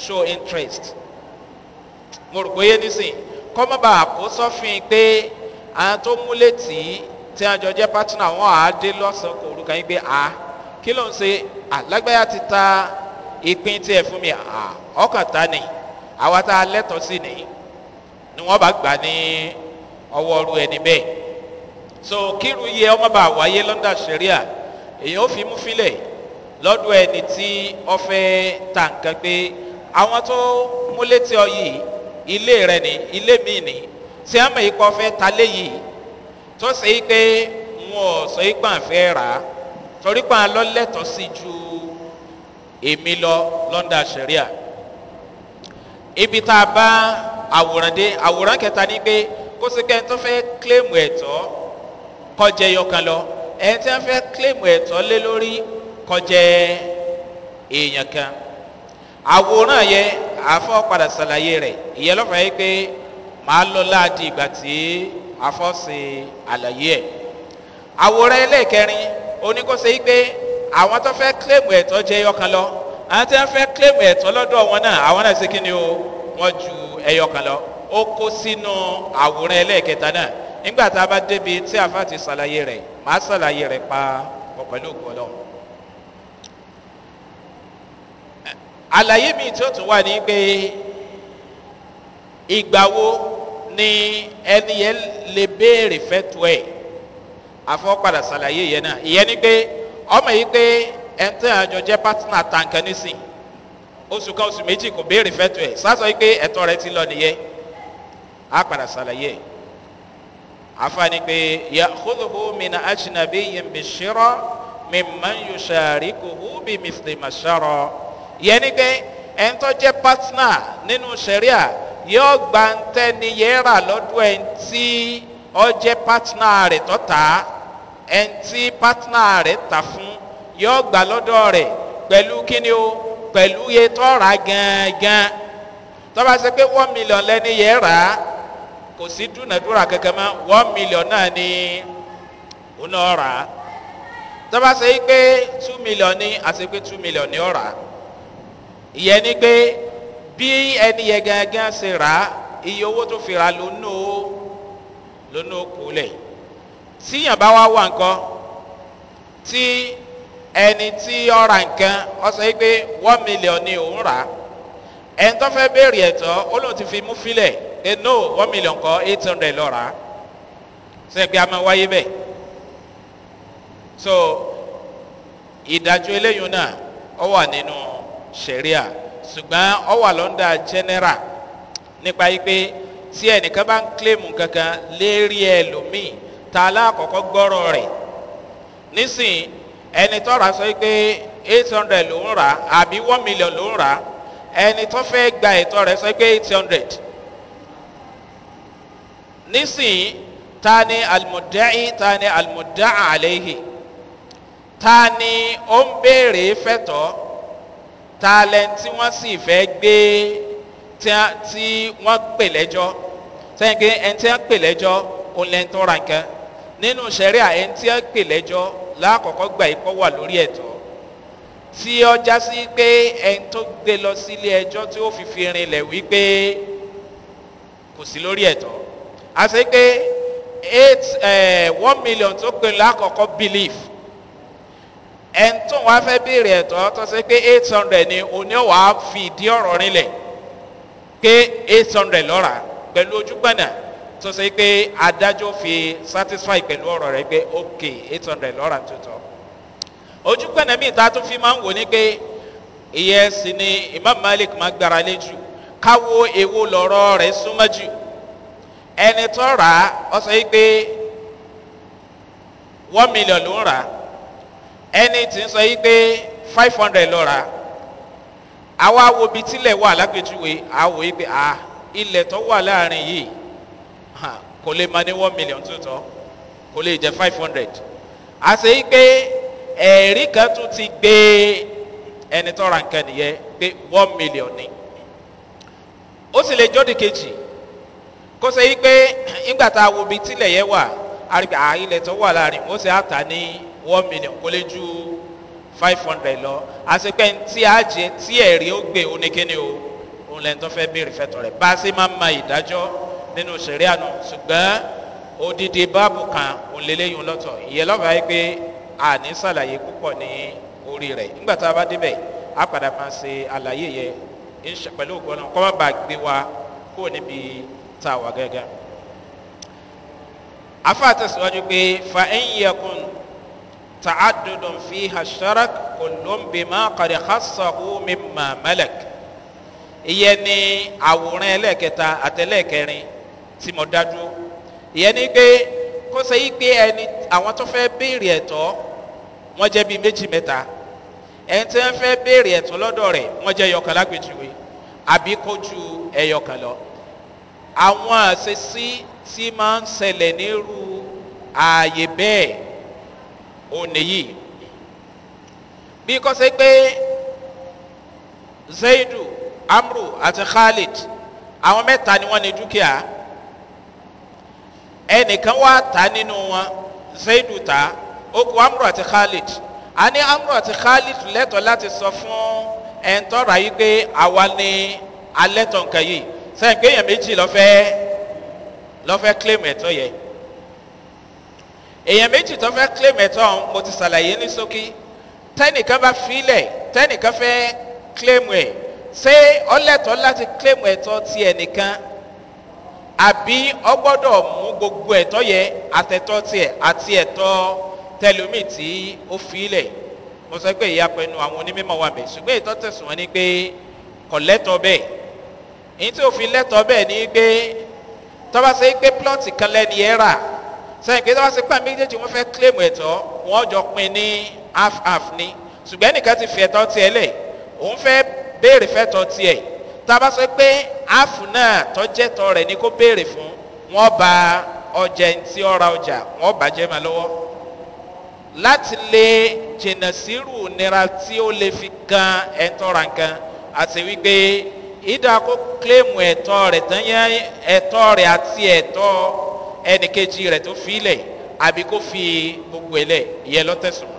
show interest mo rò pé yé nísìnyí kọ́mọ́bà kó sọ́fin pé àwọn tó múlẹ̀ tì í tí wọ́n jọ jẹ́ pátínà wọn á dé lọ́sàn-án kò orúkọ yín pé a kí ló ń ṣe alágbáyà ti ta ìpín tí ẹ fún mi ọkàn ta ni àwa tá a lẹ́tọ̀ọ́ sí ni ni wọ́n bá gbà ní ọwọ́ ọrú ẹni bẹ́ẹ̀ so kírú yẹ ọmọba wáyé lọ́ndà sẹ́ríà èyí ó fi mú fílẹ̀ lọ́dọ̀ ẹni tí ọ fẹ́ ta nǹkan pé àwọn tó múlẹ̀ tí ọ yìí ilé rẹ ni ilé mi ni tí a mọ̀ yìí kọ́ fẹ́ ta léyìí tó ṣe é pé wọn ò sọ é fẹ́ rà á torí pa lọ́lẹ́tọ̀ sí ju èmi lọ lọ́ndà sẹ̀ríà ibi tá a bá àwòrán dé àwòrán kẹta ni pé kó sì pé ẹni tó fẹ́ kílèmù ẹ̀tọ́ kọjẹ yọkan lọ ẹni tí wọ́n fẹ́ kílèmù ẹ̀tọ́ lé lórí kọjẹ èèyàn kan àwòrán yẹn àfọ́ padà ṣàlàyé rẹ̀ ìyẹn lọ́fàá yìí pé màá lọ láàdì ìgbà tí àfọ́ ṣe àlàyé ẹ̀ àwòrán ẹlẹ́ẹ̀kẹrin oníkóṣe yìí pé àwọn tó fẹ́ kílèmù ẹ̀tọ́ jẹ́ ẹyọkan lọ àwọn tó fẹ́ kílèmù ẹ̀tọ́ lọ́dọ̀ wọn náà àwọn náà ṣe kí ni o wọ́n ju ẹyọkan lọ ó kó sínú àwòrán ẹlẹ́ẹ̀kẹta náà nígbà tá a bá débi tí àfa ti ṣàlàyé rẹ̀ màá ṣàlàyé rẹ̀ pa pẹ̀lú ògbọ́lọ́run àlàyé mi tí ó tún wà ní pé ìgbà wo ni ẹni yẹn lè béèrè fẹ́tọ̀ ẹ̀ àfọwọ́padà ṣàlàyé yẹn náà ìyẹn ni pé ọmọ yìí pé ẹni tí àjọ jẹ́ pátínà tàǹkà nísìn oṣù kan oṣù méjì kò béèrè fẹ́tọ̀ ẹ̀ sásọ yìí pé ẹ̀tọ́ rẹ ti lọ nìyẹn á padà ṣàlàyé ẹ̀ àfààní pé yà kúlùkù mìíràn àjìnàbí yìí bìṣírọ́ mi máa ń yọ ṣàríkù hù bí mìsìlè màṣárọ́ yẹn ni pé ẹni tó jẹ́ partner nínú sẹ̀ríà yóò gba ntẹ́ni yẹ́rà lọ́dún ẹni tí ọ jẹ́ partner rẹ̀ tó tà á ẹni tí partner rẹ̀ tà fún yóò gbà lọ́dọ̀ rẹ̀ pẹ̀lú kíni o pẹ̀lú iye tọ́ra gangan tọ́ba ṣe pé one million lẹ́ni yẹ́rà kò sí dúnàdúrà kankan mọ́ one million náà ni ó náà rà tọ́ba ṣe pé two million ní àṣepé two million ní ọ̀rà ìyẹn ni pé bí ẹni yẹn gangan ṣe rà á iye owó tó fi rà lónà ó lónà ó kulẹ̀ tíyàn bá wá wà nǹkan tí ẹni tí ọ ra nǹkan ọ sọ pé one million ni òun rà á ẹni tó fẹ́ béèrè ẹ̀tọ́ ó lóun ti fi mú filẹ̀ pé no one million kọ eight hundred lọ rà á sẹ́gbẹ́ a máa wáyé bẹ́ẹ̀ so ìdájọ́ eléyìí náà ọ wà nínú. No sẹ̀ríà ṣùgbọ́n ọ wà lọ́ndà general nípa yìí pé tí ẹnìkan bá ń kílèmù kankan lérí ẹlòmíì ta aláàkọ́kọ́ gbọ́rọ̀ rẹ̀ nísìnyí ẹni tọ́ra sọ pé eight hundred ló ń rà àbí one million ló ń rà ẹni tó fẹ́ gba ẹ̀tọ́ rẹ̀ sọ pé eight hundred nísìnyí ta ni almudai ta ni almudaa alehi ta ni ó ń béèrè fẹ́tọ̀ọ́ talent tí wọ́n sì fẹ́ gbé tí wọ́n pè lẹ́jọ́ sẹ́yìn pé ẹni tí wọ́n pè lẹ́jọ́ ó lẹ́ ń tọ́ra nǹkan nínú sẹ́ríà ẹni tí wọ́n pè lẹ́jọ́ lákọ̀ọ́kọ́ gbà ikọ́ wà lórí ẹ̀tọ́ tí ó já sí pé ẹni tó gbé lọ sílé ẹjọ́ tí ó fi fi rinlẹ̀ wípé kò sí lórí ẹ̀tọ́ àti pé eight eh, one million tó pinnu lákọ̀ọ́kọ́ belief ẹ̀ńtún wàá fẹ́ béèrè ẹ̀tọ́ tó ṣe pé eight hundred ni òní ò wàá fi ìdí ọ̀rọ̀ rinlẹ̀ pé eight hundred lọ́ra pẹ̀lú ojúgbọ́nà tó ṣe pé adájọ́ fi satisfy pẹ̀lú ọ̀rọ̀ rẹ̀ pé ok eight hundred lọ́ra tuntun ojúgbọ́nà míì tá a tún fi máa ń wò ní pé ìyẹn sì ni imam malik máa gbára lé jù káwo èwo lọ́rọ́ rẹ̀ súnmọ́ jù ẹni tó rà á ọ pé one million ló ń rà á. ẹni tí ń sọ yí pé five hundred lọ́ra àwa wo bi tílẹ̀ wà lápẹ̀júwe àwò yí pé à ilẹ̀ tó wà láàrin yìí kò lè máa ní one million tó tọ́ kò lè jẹ́ five hundred àṣẹ yí pé ẹ̀rí kan tún ti gbé ẹni tó nǹkan nìyẹn pé one million ni ó sì lè jọ́dì kejì kó ṣe yí pé ńgbà tá a wo bi tílẹ̀ yẹn wà àrígbà ilẹ̀ tó wà láàrin ó sì á ta ní. one million kò lè ju five hundred lọ àsepẹ́ tí a jẹ tí ẹ̀rí ó gbé oníkéni o òun lẹ́nu tó fẹ́ béèrè fẹ́tọ̀ rẹ̀ bá a ṣe máa ma ìdájọ́ nínú sẹ̀rí àná ṣùgbọ́n odidi báàbù kan òun lélẹ́yìn lọ́tọ̀ ìyẹn lọ́ba yìí pé àní sàlàyé púpọ̀ ní orí rẹ̀ nígbà tá a bá débẹ̀ a padà máa ṣe àlàyé yẹn pẹ̀lú ògbọ́n kọ́ má gbé wa kó níbi tá wà gẹ́gẹ́ afa tẹ̀síwájú pé fa ẹ̀yìn yẹkùn تعدد فيها الشرك كل بما قد خصه مما ملك ìyẹn ni àwòrán ẹlẹ́ẹ̀kẹta àtẹlẹ́ẹ̀kẹrin tí mo dájú ìyẹn ni pé kó ṣe yí pé ẹni àwọn tó fẹ́ béèrè ẹ̀tọ́ wọ́n jẹ́ bíi méjì mẹ́ta ẹni tí wọ́n fẹ́ béèrè ẹ̀tọ́ lọ́dọ̀ rẹ̀ wọ́n jẹ́ ẹyọkan lágbèjìwe àbí kó ju ẹyọkan lọ àwọn àṣesí tí máa ń ṣẹlẹ̀ nírú ààyè bẹ́ẹ̀ òní yìí bí kọ́sẹ́ pé zaidu amru àti khalid àwọn mẹ́ta ni wọ́n ní dúkìá ẹnìkan wá ta nínú wọn zaidu ta ó kú amru àti khalid a ní amru àti khalid lẹ́tọ̀ọ́ láti sọ fún ẹ̀ńtọ́ra yìí pé àwa ni alẹ́tọ̀ nǹkan yìí sẹ́yìn pé èèyàn méjì lọ́fẹ́ lọ́fẹ́ claim ẹ̀tọ́ yẹn èèyàn méjì tó fẹ́ claim ẹ̀tọ́ ọ̀hún mo ti ṣàlàyé ní sókí tẹ́nìkan bá filẹ̀ tẹ́nìkan fẹ́ claim ẹ̀ ṣé ọlẹ́tọ̀ láti claim ẹ̀tọ́ ti ẹnìkan àbí ọgbọ́dọ̀ mú gbogbo ẹ̀tọ́ yẹ àtẹ̀tọ́ tiẹ̀ àti ẹ̀tọ́ tẹlumi tí ó filẹ̀ mo sọ pé ìyá pẹ̀lú àwọn onímọ̀ wà bẹ̀ ṣùgbọ́n ìtọ́ tẹ̀sùn wọn ni pé kọ̀ lẹ́tọ̀ bẹ́ẹ̀ èyí tí òfin lẹ́tọ̀ bẹ́ẹ̀ ni pé tọ́ba ṣe pé plọ́ọ̀tì kan lẹ́ni ẹ̀ rà sẹ́yìn kí wọ́n ti pa méjèèjì wọ́n fẹ́ kílèmù ẹ̀tọ́ wọ́n jọ pin ní half half ni ṣùgbọ́n ẹnìkan ti fi ẹ̀tọ́ tiẹ̀ lẹ̀ òun fẹ́ béèrè fẹ́tọ́ tiẹ̀ tá a bá sọ pé half náà tọ́jẹ́tọ́ rẹ̀ ni kó béèrè fún wọ́n ba ọjà ntí ọ̀ra ọjà wọ́n bàjẹ́ mà lọ́wọ́ láti lè jìnnà sírù nira tí ó lè fi kan ẹ̀tọ́ ra nǹkan àti wípé ìdá kó kílèmù ẹ̀tọ́ rẹ̀ tán yẹn ẹ̀tọ́ rẹ̀ àti ẹ̀tọ́ ẹnì kejì rẹ̀ tó fi ilẹ̀ àbí kó fi gbogbo ilẹ̀ yẹ lọ́tẹ̀sùn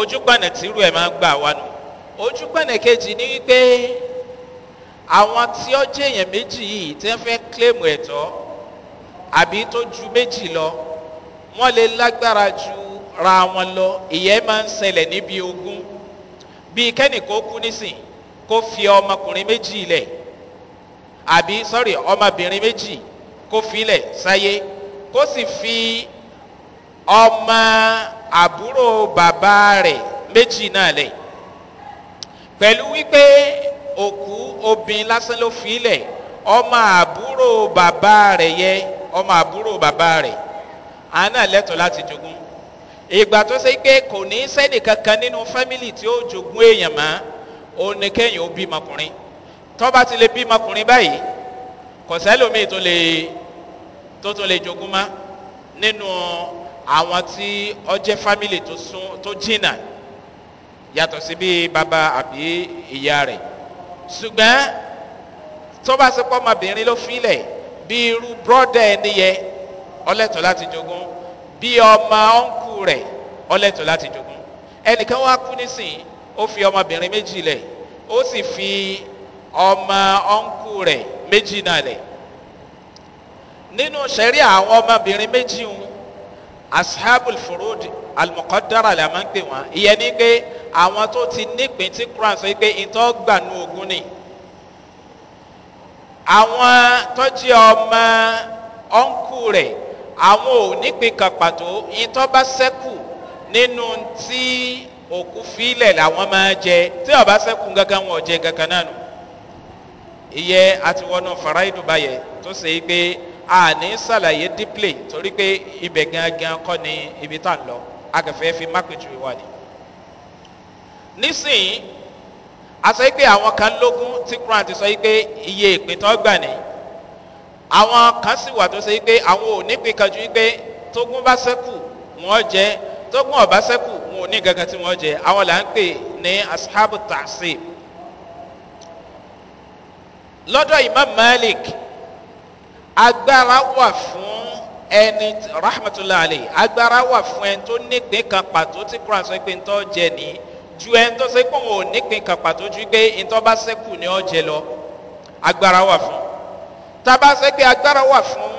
ojúpànà tìrú ẹ̀ máa ń gbà wá nù ojúpànà kejì ní wípé àwọn tí ó jẹ́ èèyàn méjì yìí tẹ́ fẹ́ kílèmù ẹ̀tọ́ àbí tó ju méjì lọ wọ́n lè lágbára ju ra wọn lọ ìyẹn máa ń ṣẹlẹ̀ níbi ogún bíi kẹ́nìkan kú nísìn kó fi ọmọkùnrin méjì lẹ̀ àbí sọ́rí ọmọbìnrin méjì kó filẹ̀ sáyé kó sì fi ọmọ àbúrò bàbá rẹ̀ méjì náà lẹ̀ pẹ̀lú wípé òkú obìnrin lásán ló filẹ̀ ọmọ àbúrò bàbá rẹ̀ yẹ ọmọ àbúrò bàbá rẹ̀ àánà lẹ́tọ̀ọ́ láti jogún ìgbà tó ṣe pé kò ní sẹ́nì kankan nínú fámìlì tí ó jogún èèyàn mọ́ òun ni kéèyàn ó bímọkùnrin tọ́ba ti lè bímọkùnrin báyìí kọ̀sẹ́lómi tó lè tó tó lè jogún mọ́ nínú àwọn tí ọjẹ́ fámìlì tó sún tó jìnnà yàtọ̀ sí bí baba àbí ìyá rẹ̀ ṣùgbọ́n tọ́ba sí pọ́ ọmọbìnrin ló filẹ̀ bí irú brọ́dà ẹni yẹ ọlẹ́tọ̀ láti jogún bí ọmọ ọ̀nkù rẹ̀ ọlẹ́tọ̀ láti jogún ẹnìkan wá kú nísìnyí ó fi ọmọbìnrin méjì lẹ̀ ó sì fi ọmọ ọ̀nkù rẹ̀ méjì náà lẹ̀ nínú sẹ́rí àwọn ọmọbìnrin méjì ń ashabul furud almukadara la máa ń pè wọ́n ìyẹn ni pé àwọn tó ti nípìn tí quran sọ pé ìtọ́ gbànú ogun ni àwọn tọ́jú ọmọ ọ̀nkù rẹ̀ àwọn ò nípìn kan pàtó ìtọ́ bá sẹ́kù nínú tí òkú fílẹ̀ làwọn máa jẹ tí ọba sẹ́kù gángan wọn ò jẹ gángan náà nù iye àtiwọnú faraidu báyẹ tó ṣe é pé a ní sàlàyé dípìlẹ torí pé ibẹ gangan kọ ni ibi tá à ń lọ agàfẹ́ fi mákìtì wà ní. nísìnyí àṣẹ pé àwọn kan lógún tí kúrán ti sọ pé iye ìpín tó gbà ní àwọn kan sì wà tó ṣe pé àwọn ò ní pín kanjú pé tógún bá sẹ́kù wọ́n jẹ́ tógún ọ̀bá sẹ́kù wọn ò ní gangan tí wọ́n jẹ́ àwọn là ń pè ní asahabu tasib lọ́dọ̀ imam malik agbára wà fún ẹni rahmatulah alayhi agbára wà fún ẹni tó nípìn kan pàtó tí kúrò àṣọ pé ntọ́ jẹ ní ju ẹni tó ṣe pé òun ò nípìn kan pàtó ju pé ntọ́ bá ṣẹ́kù ní ọ̀jẹ̀ lọ agbára wà fún tábà ṣe pé agbára wà fún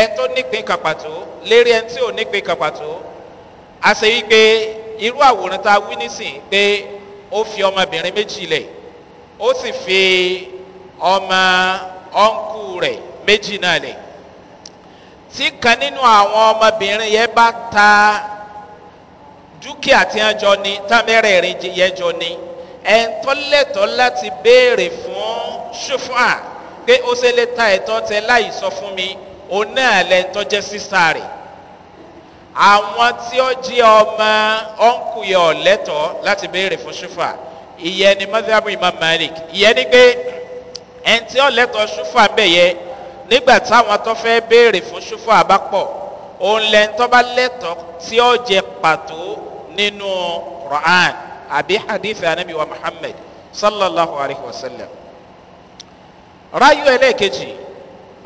ẹni tó nípìn kan pàtó lérí ẹni tí ò nípìn kan pàtó a ṣe wípé irú àwòrán tá a wí nísìn pé ó fi ọmọbìnrin méjì lẹ̀ ó sì fi ọmọ ọ̀nkù rẹ̀ méjì náà lẹ̀ tí kan nínú àwọn ọmọbìnrin yẹn bá ta dúkìá tí wọ́n jọ ní támẹ́rẹ̀ẹ̀rin yẹn jọ ní ẹ̀ńtọ́ lẹ́tọ́ láti béèrè fún ṣùfà pé ó ṣe lè ta ẹ̀tọ́ tẹ láì sọ fún mi òun náà lẹ́ńtọ́ jẹ́ sísá rẹ̀ àwọn tí ó jí ọmọ ọ̀nkù yẹn ọ̀lẹ́tọ̀ láti béèrè fún ṣùfà ìyẹn ni mọ́tàbù imam malik ìyẹn ni pé ẹni tí ó lẹ́tọ̀ọ́ ṣúfà ń bẹ̀ yẹ nígbà táwọn tó fẹ́ béèrè fún ṣúfà bá pọ̀ òun lẹ́ni tó bá lẹ́tọ̀ọ́ tí ó jẹ pàtó nínú quran àbí hadith anabi wa muhammed sallallahu alayhi wa sallam. ráyò ẹlẹ́ẹ̀kejì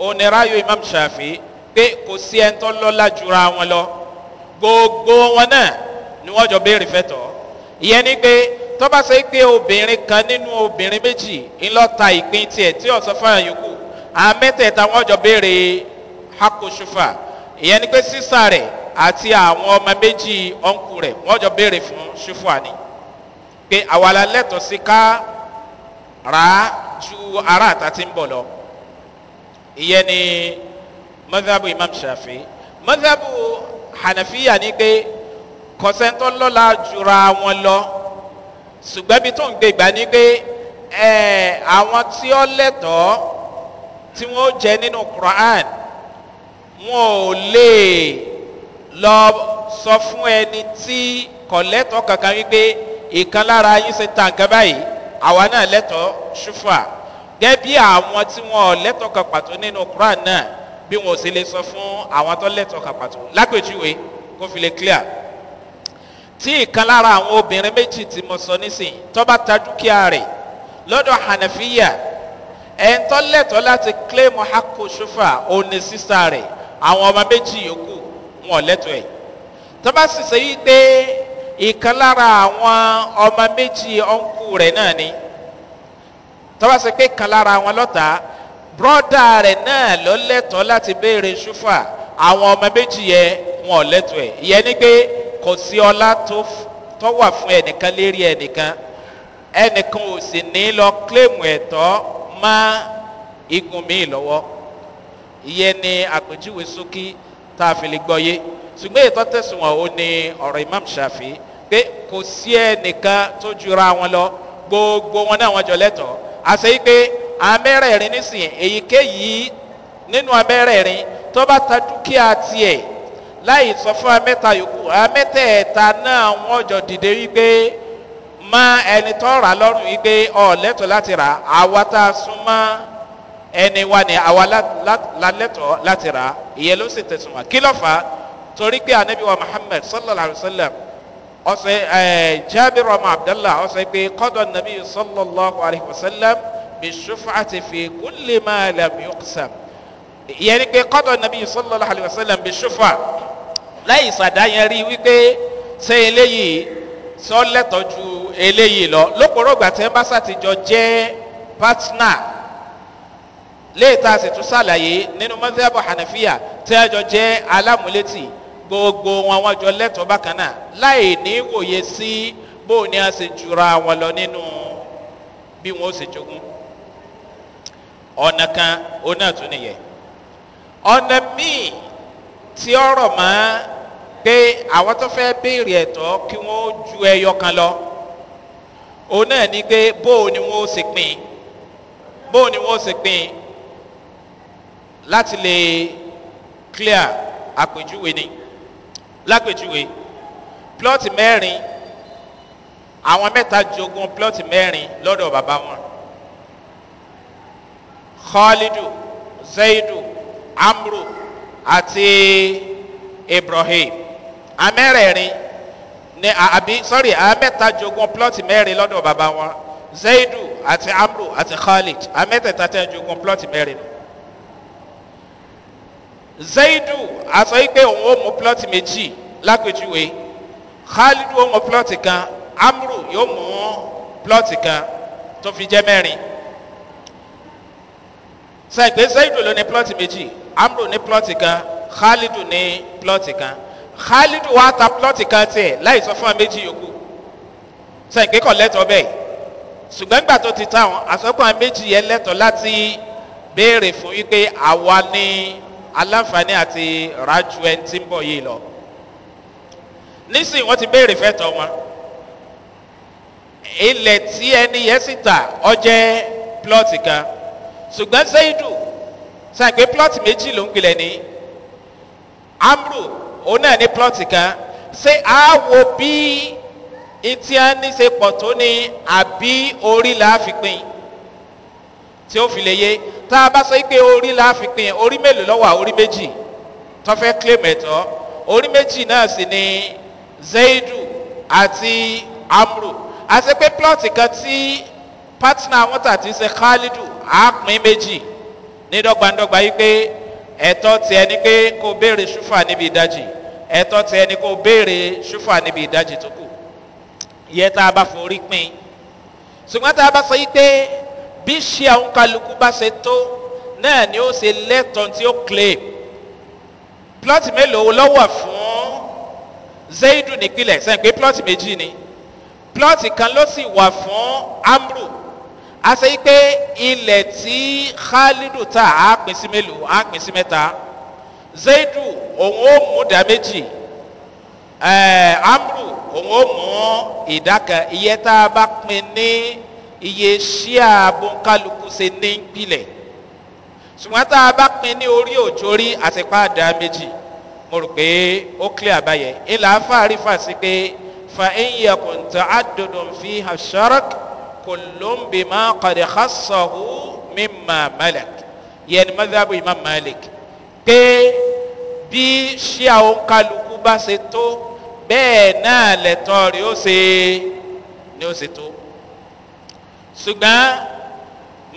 òun ni ráyò imam shafi pé kò sí ẹni lọ́la jura wọn lọ gbogbo wọn náà ni wọ́n jọ béèrè fẹ́tọ̀ọ́ ìyẹn ni pé tó bá ṣe pé obìnrin kan nínú obìnrin méjì ńlọ́ta ìpín tiẹ̀ tí ọ̀sán fáyà yòókù àmẹ́tẹ̀ẹ̀ta wọ́n jọ béèrè hakosufa ìyẹn ni pé sísà rẹ̀ àti àwọn ọmọ méjì ọ̀nkù rẹ̀ wọ́n jọ béèrè fún ṣufu àní pé àwa lẹ́tọ̀ọ́ sí ká rà á ju ará àta tí ń bọ̀ lọ ìyẹn ni mọ́sáàbù imam shafi mọ́sáàbù hànàfíà ni pé kọ̀sẹ́ńtọ́ lọ́la jura wọn lọ ṣùgbọ́n ibi tó ń gbé ìgbà ni pé àwọn tí ó lẹ́tọ̀ọ́ tí wọ́n jẹ nínú quran wọn ò lè lọ sọ fún ẹni tí kọ̀lẹ́tọ̀ kankan wípé ìkan lára yín ṣe ta nǹkan báyìí àwa náà lẹ́tọ̀ọ́ ṣùfà gẹ́gẹ́ àwọn tí wọn ò lẹ́tọ̀ọ́ kan pàtó nínú quran náà bí wọn ò sì lè sọ fún àwọn tó lẹ́tọ̀ọ́ kan pàtó lápèjúwe kó fi lè clear tí ìkan lára àwọn obìnrin méjì tí mo sọ nísìn tọ́ba ta dúkìá rẹ̀ lọ́dọ̀ hànàfíyà ẹ̀ńtọ́ lẹ́tọ̀ọ́ láti kílẹ̀mù hako ṣùfà òní sísá rẹ̀ àwọn ọmọ méjì yòókù wọn lẹ́tọ̀ọ́ ẹ̀ tọ́ba sì ṣe yí pé ìkan lára àwọn ọmọ méjì ọ̀nkù rẹ̀ náà ni tọ́ba sì pé ìkan lára àwọn lọ́ta bọ́dà rẹ̀ náà ló lẹ́tọ̀ọ́ láti béèrè ṣùfà àwọn ọmọ méjì yẹ wọn lẹ́tọ̀ọ́ ẹ̀ ìyẹn ni pé kò sí ọlá tó wà fún ẹnìkan lérí ẹnìkan ẹnìkan ò sì ní lọ kílèmù ẹ̀tọ́ má igun míì lọ́wọ́ ìyẹn ni àpèjúwe sókí tá a fi lè gbọ́ yé ṣùgbọ́n ètò tẹ̀sùnwọ̀n ó ní ọ̀rọ̀ imam shafi pé kò sí ẹnìkan tó jura wọn lọ gbogbo wọn náà wọn jọ lẹ́tọ̀ọ́ àṣẹ yìí pé amẹ́rẹ̀ẹ̀rin nísìnyí èyíkéyìí nínú amẹ́rẹ̀ẹ̀rin tó bá ta dúkìá tiẹ̀ láì sọ fún amẹ́ta yòókù amẹ́tẹ̀ẹ̀ta náà wọ́n jọ dìde wípé má ẹni tó rà lọ́rùn wípé ọ̀lẹ́tọ̀ láti rà àwa tá a sún mọ́ ẹni wa ni àwa lálẹ́tọ̀ láti rà ìyẹn ló sì tẹ̀sùn wá kí ló fà á torí pé anabi wa muhammed sallallahu alayhi wa sallam ọsẹ ẹ jabir ọmọ abdallah ọsẹ pé kọ́dọ̀ nabi sallallahu alayhi wa sallam bí sùfà ti fi kúlè máa lẹ́mú yọkùsàmù ìyẹn ni pé kọ́dọ̀ nàbí sọlọ́lá àlùfẹ́sẹ́lẹ̀ bí ṣùfà láì sàdáyẹn rí wípé ṣé eléyìí sọ lẹ́tọ̀ ju eléyìí lọ lóporó ìgbà tí ẹ́mbásà ti jọ jẹ́ pátínà léèta sì tún ṣàlàyé nínú mọ́síábù hànàfíà tí ẹ jọ jẹ́ alámúlétì gbogbo wọn wọn jọ lẹ́tọ̀ bákan náà láì ní wòye sí bó ni a sì jura wọn lọ nínú bí wọn ó sì jogún ọ̀nà kan onáà tún nìyẹn ọ̀nà míì tí ọ̀rọ̀ mọ́ pé àwọn tó fẹ́ béèrè ẹ̀tọ́ kí wọ́n ju ẹyọ kan lọ òun náà ni pé bóò ni wọ́n ó sì pin bóò ni wọ́n ó sì pin láti lè clear àpèjúwe ni lápèjúwe plọ́ọ̀tì mẹ́rin àwọn mẹ́ta jogun plọ́ọ̀tì mẹ́rin lọ́dọ̀ bàbá wọn khalidu zaidu amro àti ibrahim amẹ́rẹ̀ẹ̀rin ni àbí sọ́rí amẹ́ta jogun plọ́ọ̀tì mẹ́rin lọ́dọ̀ bàbá wọn zaidu àti amro àti khalid amẹ́tẹ̀ẹ̀ta tẹ́ jogun plọ́ọ̀tì mẹ́rin zaidu àsọ yìí pé òun ó mú plọ́ọ̀tì méjì lápèjúwe khalid ó mú plọ́ọ̀tì kan amro yóò mú plọ́ọ̀tì kan tó fi jẹ́ mẹ́rin sẹ́yìn pé zayidu ló ní plọ́ọ̀tì méjì amro ní plọ́ọ̀tì kan khalidu ní plọ́ọ̀tì kan khalidu wa ta plọ́ọ̀tì kan tiẹ̀ láì sọ fún wa méjì yòókù sẹ́yìn pé kọ̀ lẹ́tọ̀ bẹ́ẹ̀ ṣùgbọ́n gbà tó ti táwọn àsọ́gbọ́n méjì yẹn lẹ́tọ̀ láti béèrè fún wípé àwa ní aláǹfààní àti rájú ẹni tí ń bọ̀ yìí lọ nísìnyí wọ́n ti béèrè fẹ́ tọ́ wọn ilẹ̀ tí ẹni yẹn sì ta ọjẹ́ plọ́ọ̀tì kan ṣùgbọ́n zaidu sàn pé plọ́ọ̀tì méjì ló ń gbilẹ̀ ní amru òun náà ní plọ́ọ̀tì kan ṣé a wo bí etí á ní ṣe pọ̀ tó ní àbí orí là á fi pin tí ó fi lè yé tá a bá sọ pé orí là á fi pin orí mélòó lọ́wọ́ orí méjì tó fẹ́ claim ẹ̀tọ́ orí méjì náà sì ni zaidu àti amru àti pé plọ́ọ̀tì kan tí partner wọn tà ti ṣe khalidu àápín méjì ní dọ́gbandọ́gba yìí pé ẹ̀tọ́ tiẹ̀ ni pé kò béèrè ṣúfà níbi ìdajì ẹ̀tọ́ tiẹ̀ ni kò béèrè ṣúfà níbi ìdajì tó kù yẹ tá a bá forí pin ṣùgbọ́n tá a bá sọ yìí pé bí ṣe àwọn kálukú bá ṣe tó náà ni ó ṣe lẹ́tọ̀ọ́ tí ó claim plot mélòó lọ́wọ́ fún zaidu nípìnlẹ̀ sẹ́yìn pé plot méjì ni plot kan ló sì wà fún amru a sọ yìí pé ilẹ̀ tí khalidu ta á pín sí mélòó á pín sí mẹ́ta zaidu òun ó mú ìdá méjì ẹ̀ẹ́ eh, amru òun ó mú ìdá kan iye tá a bá pín ní iye ṣíà bóńkálukú ṣe ní pilẹ̀ ṣùgbọ́n tá a bá pín ní orí òjòrí àtìpá ìdá méjì mo rò pé ó clear báyẹn ilà afáàrífà sí pé fa eyín ẹkùn tó a dòdò fi hàn ṣọ́rọ́kì. وكل بما قد خصه مما ملك يعني مذهب امام مالك pé bí ṣíà òǹkàlùkù bá ṣe tó bẹ́ẹ̀ náà lẹ̀tọ́ rẹ̀ ó ṣe ni ó ṣe tó ṣùgbọ́n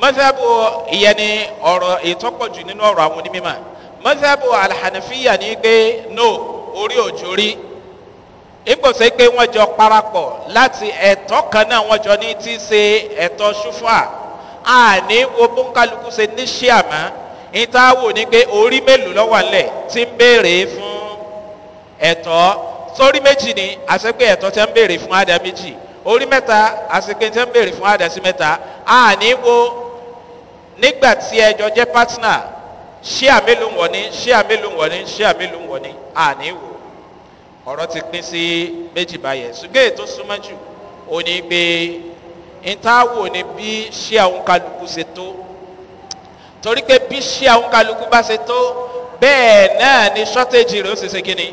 mọ́sáàbù ìyẹn ni ọ̀rọ̀ ìtọ́pọ̀jù nínú ọ̀rọ̀ àwọn onímọ̀ mọ́sáàbù alhànàfíà ní pé no orí òjò ìgbọ̀nsẹ̀ pé wọ́n jọ parapọ̀ láti ẹ̀tọ́ kan náà wọ́n jọ ní tí í ṣe ẹ̀tọ́ ṣúfà àní gbogbo kálukú ṣe ní ṣíàmá ìtawò ni pé orí mélòó lọ́wọ́ lẹ̀ ti ń béèrè fún ẹ̀tọ́ sórí méjì ni àṣepé ẹ̀tọ́ ti ń béèrè fún àdá méjì orí mẹ́ta àṣepé ti ń béèrè fún àdá sí mẹ́ta àní wo nígbà tí ẹjọ jẹ́ pátínà ṣíà mélòó wọ̀ ni ṣíà mélòó wọ̀ ni ṣíà mélòó wọ̀ ni àní wo ọ̀rọ̀ ti pín sí méjì báyẹn ṣùgbọ́n èyí tó súnmọ́ jù ó ní pé ìtawò ni bí ṣé àwọn kálukú ṣe tó torí pé bí ṣé àwọn kálukú bá ṣe tó bẹ́ẹ̀ náà ni shortage rẹ̀ ó ṣe ṣe kíni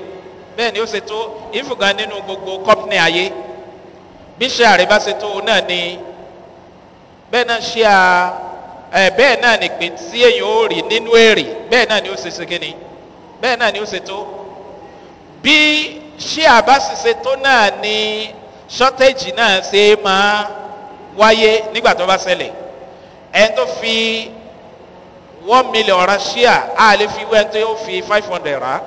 bẹ́ẹ̀ ni ó ṣe tó ìfùgàn nínú gbogbo company ayé bí ṣé àrẹ bá ṣe tó náà ni bẹ́ẹ̀ náà ṣé à ẹ̀ bẹ́ẹ̀ náà nìpín tí èèyàn ó rí nínú èrè bẹ́ẹ̀ náà ni ó ṣe ṣe kíni bẹ́ẹ̀ náà ni ó ṣe tó bí ṣé àbáṣiṣe tó náà ni shortage náà ṣe máa wáyé nígbà tó bá ṣẹlẹ̀ ẹni tó fi one million ra ṣíà á lè fi wẹ́n tó fi five hundred rà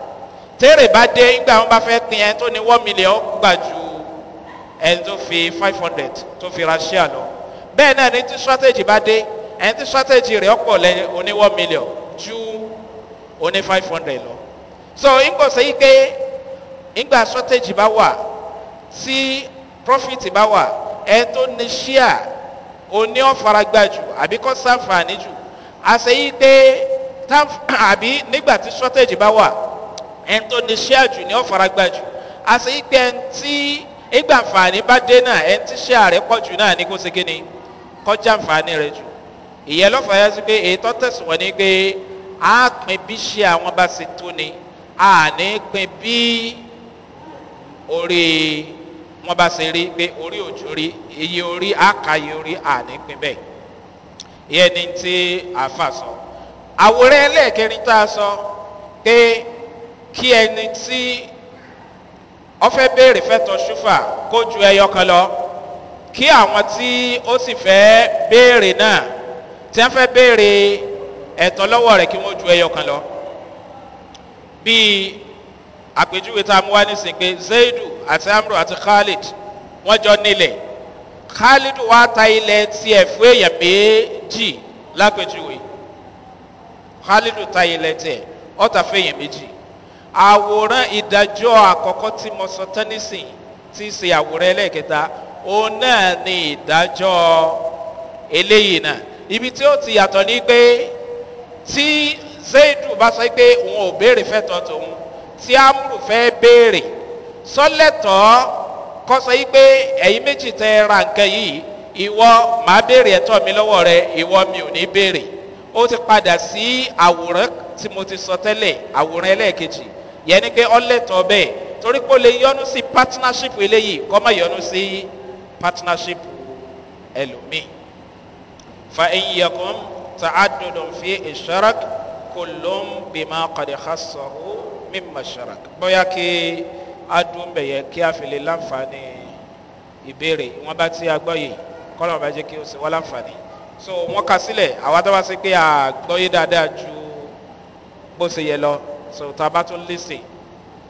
tẹ́rẹ̀ bá dé nígbà wọn bá fẹ́ pin ẹni tó ní one million gbà ju ẹni tó fi five hundred tó fi ra ṣíà lọ bẹ́ẹ̀ náà ní tí shortage bá dé ẹni tí strategy rẹ̀ ọ̀pọ̀ lẹ oní one million ju oní five hundred lọ. so n kò sẹ́yìn pé nígbà shortage bá wà tí profit bá wà ẹ tó ní ṣíà oní ọ̀faragbá jù àbí kọ́ sáǹfààní jù àṣeyí pé àbí nígbà tí shortage bá wà ẹ tó ní ṣíà jù ní ọ̀faragbá jù àṣeyí pé ẹ tí nígbà àǹfààní bá dé náà ẹ tí ṣíà rẹ pọ̀ jù náà ní kó ṣe kí ni kọjá àǹfààní rẹ jù ìyẹn lọ́fà yá sí pé ètò tẹ̀sùn ní pé a pin bí ṣe àwọn bá ṣe tó ni a ní pin bí orí wọn bá ṣe rí pé orí òjò rí iye orí àkàyè orí ànípin bẹ́ẹ̀ ìyẹn ni tí àáfà sọ àwòrán ẹlẹ́ẹ̀kẹrin tá a sọ pé kí ẹni tí ọfẹ́ béèrè fẹ́tọ̀ ṣúfà kó ju ẹyọ kan lọ kí àwọn tí ó sì fẹ́ béèrè náà tí wọ́n fẹ́ béèrè ẹ̀tọ́ lọ́wọ́ rẹ̀ kí wọ́n ju ẹyọ kan lọ bíi àpèjúwe tá a mú wá nísìnyí pé zaidu àti amro àti khalid wọ́n jọ nílẹ̀ khalid wá ta ilẹ̀ tiẹ̀ fún èèyàn méjì lápèjúwe khalid ta ilẹ̀ tiẹ̀ ọ̀tà fún èèyàn méjì àwòrán ìdájọ́ àkọ́kọ́ tí mo sọ tán nísìnyí tí í ṣe àwòrán ẹlẹ́ẹ̀kẹta òun náà ni ìdájọ́ eléyìí náà ibi tí ó ti yàtọ̀ ni pé tí zaidu bá sọ pé òun ò béèrè fẹ́tọ̀ tòun tí amúrù fẹ́ béèrè sọ́lẹ̀tọ́ kọ́ sọ yí pé ẹ̀yin méjì tẹ ra nǹkan yìí ìwọ màá béèrè ẹ̀tọ́ mi lọ́wọ́ rẹ ìwọ mi ò ní béèrè ó ti padà sí àwòrán tí mo ti sọ tẹ́lẹ̀ àwòrán ẹlẹ́ẹ̀kejì yẹn pé ọlẹ́tọ̀ bẹ́ẹ̀ torí pé ó lè yọnu sí partnership eléyìí kọ́ má yọnu sí partnership ẹlòmíì fa iyẹ̀kùn tààdùdùn fi ìṣọ́rọ̀kì kò ló ń bímọ kọ̀dẹ̀ xasọ̀hó mímọ ṣarak bóyá kí adúmbẹ̀yẹ kí a fi lè láǹfààní ìbéèrè wọn bá ti agbọ́yè kọ́lọ̀ bá jẹ́ kí o sì wọ́n láǹfààní so wọ́n kà sílẹ̀ àwa tó bá sí pé àgbọ́yé dáadáa ju bó ṣe yẹ lọ so tá a bá tún lè sè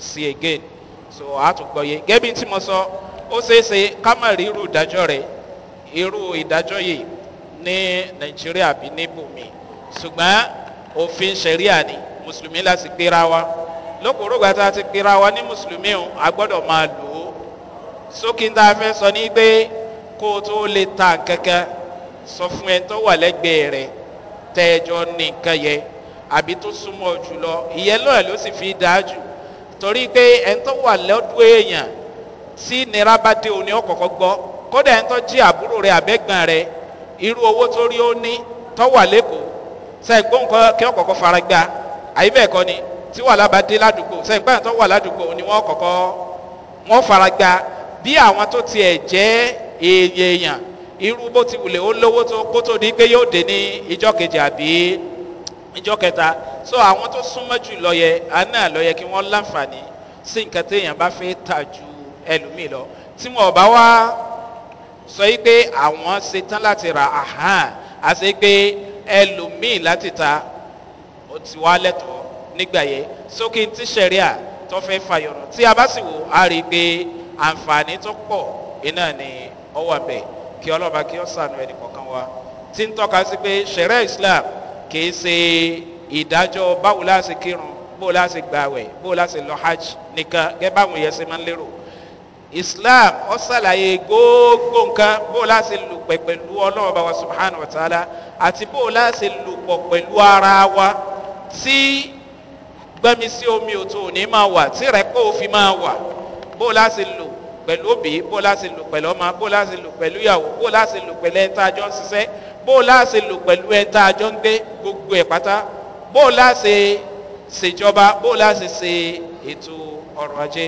sí again so a tún gbọ́yé gẹ́bí tí mo sọ ó ṣeéṣe ká má rí irú ìdájọ́ rẹ̀ irú ìdájọ́ yìí ní nàìjíríà bí níbùmí ṣùgbọ́n òfin ṣẹ̀ríà ni mùsùlùmí láti gbéra wa. lókùrúgbà tá a ti pera wa ní mùsùlùmí o a gbọ́dọ̀ máa lò ó sókè tá a fẹ́ sọ ní pé kó o tó lè ta kankan sọ fún ẹ tó wà lẹ́gbẹ̀ẹ́ rẹ tẹ́ ẹ jọ yẹ àbí tó súnmọ́ jùlọ ìyẹn náà ló sì fi dáa jù torí pé ẹ tó wà si èèyàn tí nira bá dé òní ọ̀kọ̀ọ̀kọ̀ gbọ́ kódà ẹ tó jí àbúrò rẹ àbẹ́gbọ̀n rẹ irú owó tó rí ó ní tó wà lẹ́kọ̀ọ́ sẹ́gbọ́n kí ọ̀kọ̀ọ̀kọ̀ fara gbá ni tí wàhálà bá dé ládùúgbò sẹ́yìn pé àtọ́ wà ládùúgbò ni wọ́n kọ̀kọ́ wọ́n fara gba bí àwọn tó tiẹ̀ jẹ́ èèyàn èèyàn irú bó ti wùlé ó lówó tó kó tó di pé yóò dé ní ìjọ kejì àbí ìjọ kẹta so àwọn tó súnmọ́ jù lọ́yẹ àná lọ́yẹ kí wọ́n láǹfààní sí nǹkan téèyàn bá fẹ́ tà ju ẹlòmíì lọ tí wọn bá wá sọ yìí pé àwọn ṣetán láti ra àhán àti pé ẹlòmíì láti ta ó ti wá lẹ́tọ̀ọ́ nígbà yẹn sókè tí sẹ̀ríà tó fẹ́ fàyọ̀rọ̀ tí a bá sì wò á rí i pé àǹfààní tó pọ̀ iná ni ọ wà bẹ̀ kí ọlọ́ba kí ọ sànù ẹnì kọ̀ọ̀kan wa tí ń tọ́ka sí pé sẹ̀ríà islam kì í ṣe ìdájọ́ báwo láti kírun bó la ṣe gbàwẹ̀ bó la lọ hajj nìkan gẹ́gẹ́ báwọn yẹn ṣe máa ń lérò islam ọ ṣàlàyé gbogbo nǹkan bó la ṣe lùpẹ̀ pẹ̀lú ọlọ́run bá wa subhanahu wa ta'ala àti bó la ṣe lùpọ̀ pẹ̀lú ara wa tí gbẹ́mi sí omi òtún òní máa wà tí rẹ̀ kó o fi máa wà bó o láti lò pẹ̀lú òbí bó o láti lò pẹ̀lú ọmọ bó o láti lò pẹ̀lú ìyàwó bó o láti lò pẹ̀lú ẹ̀ta àjọ ń ṣiṣẹ́ bó o láti lò pẹ̀lú ẹ̀ta àjọ ń gbé gbogbo ẹ̀ pátá bó o láti ṣèjọba bó o láti ṣe ètò ọrọ̀ ajé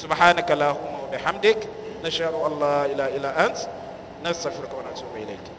subhanakala humna bihamdik nasharu allah ila ila ant nasafirka wa natubu ilayk.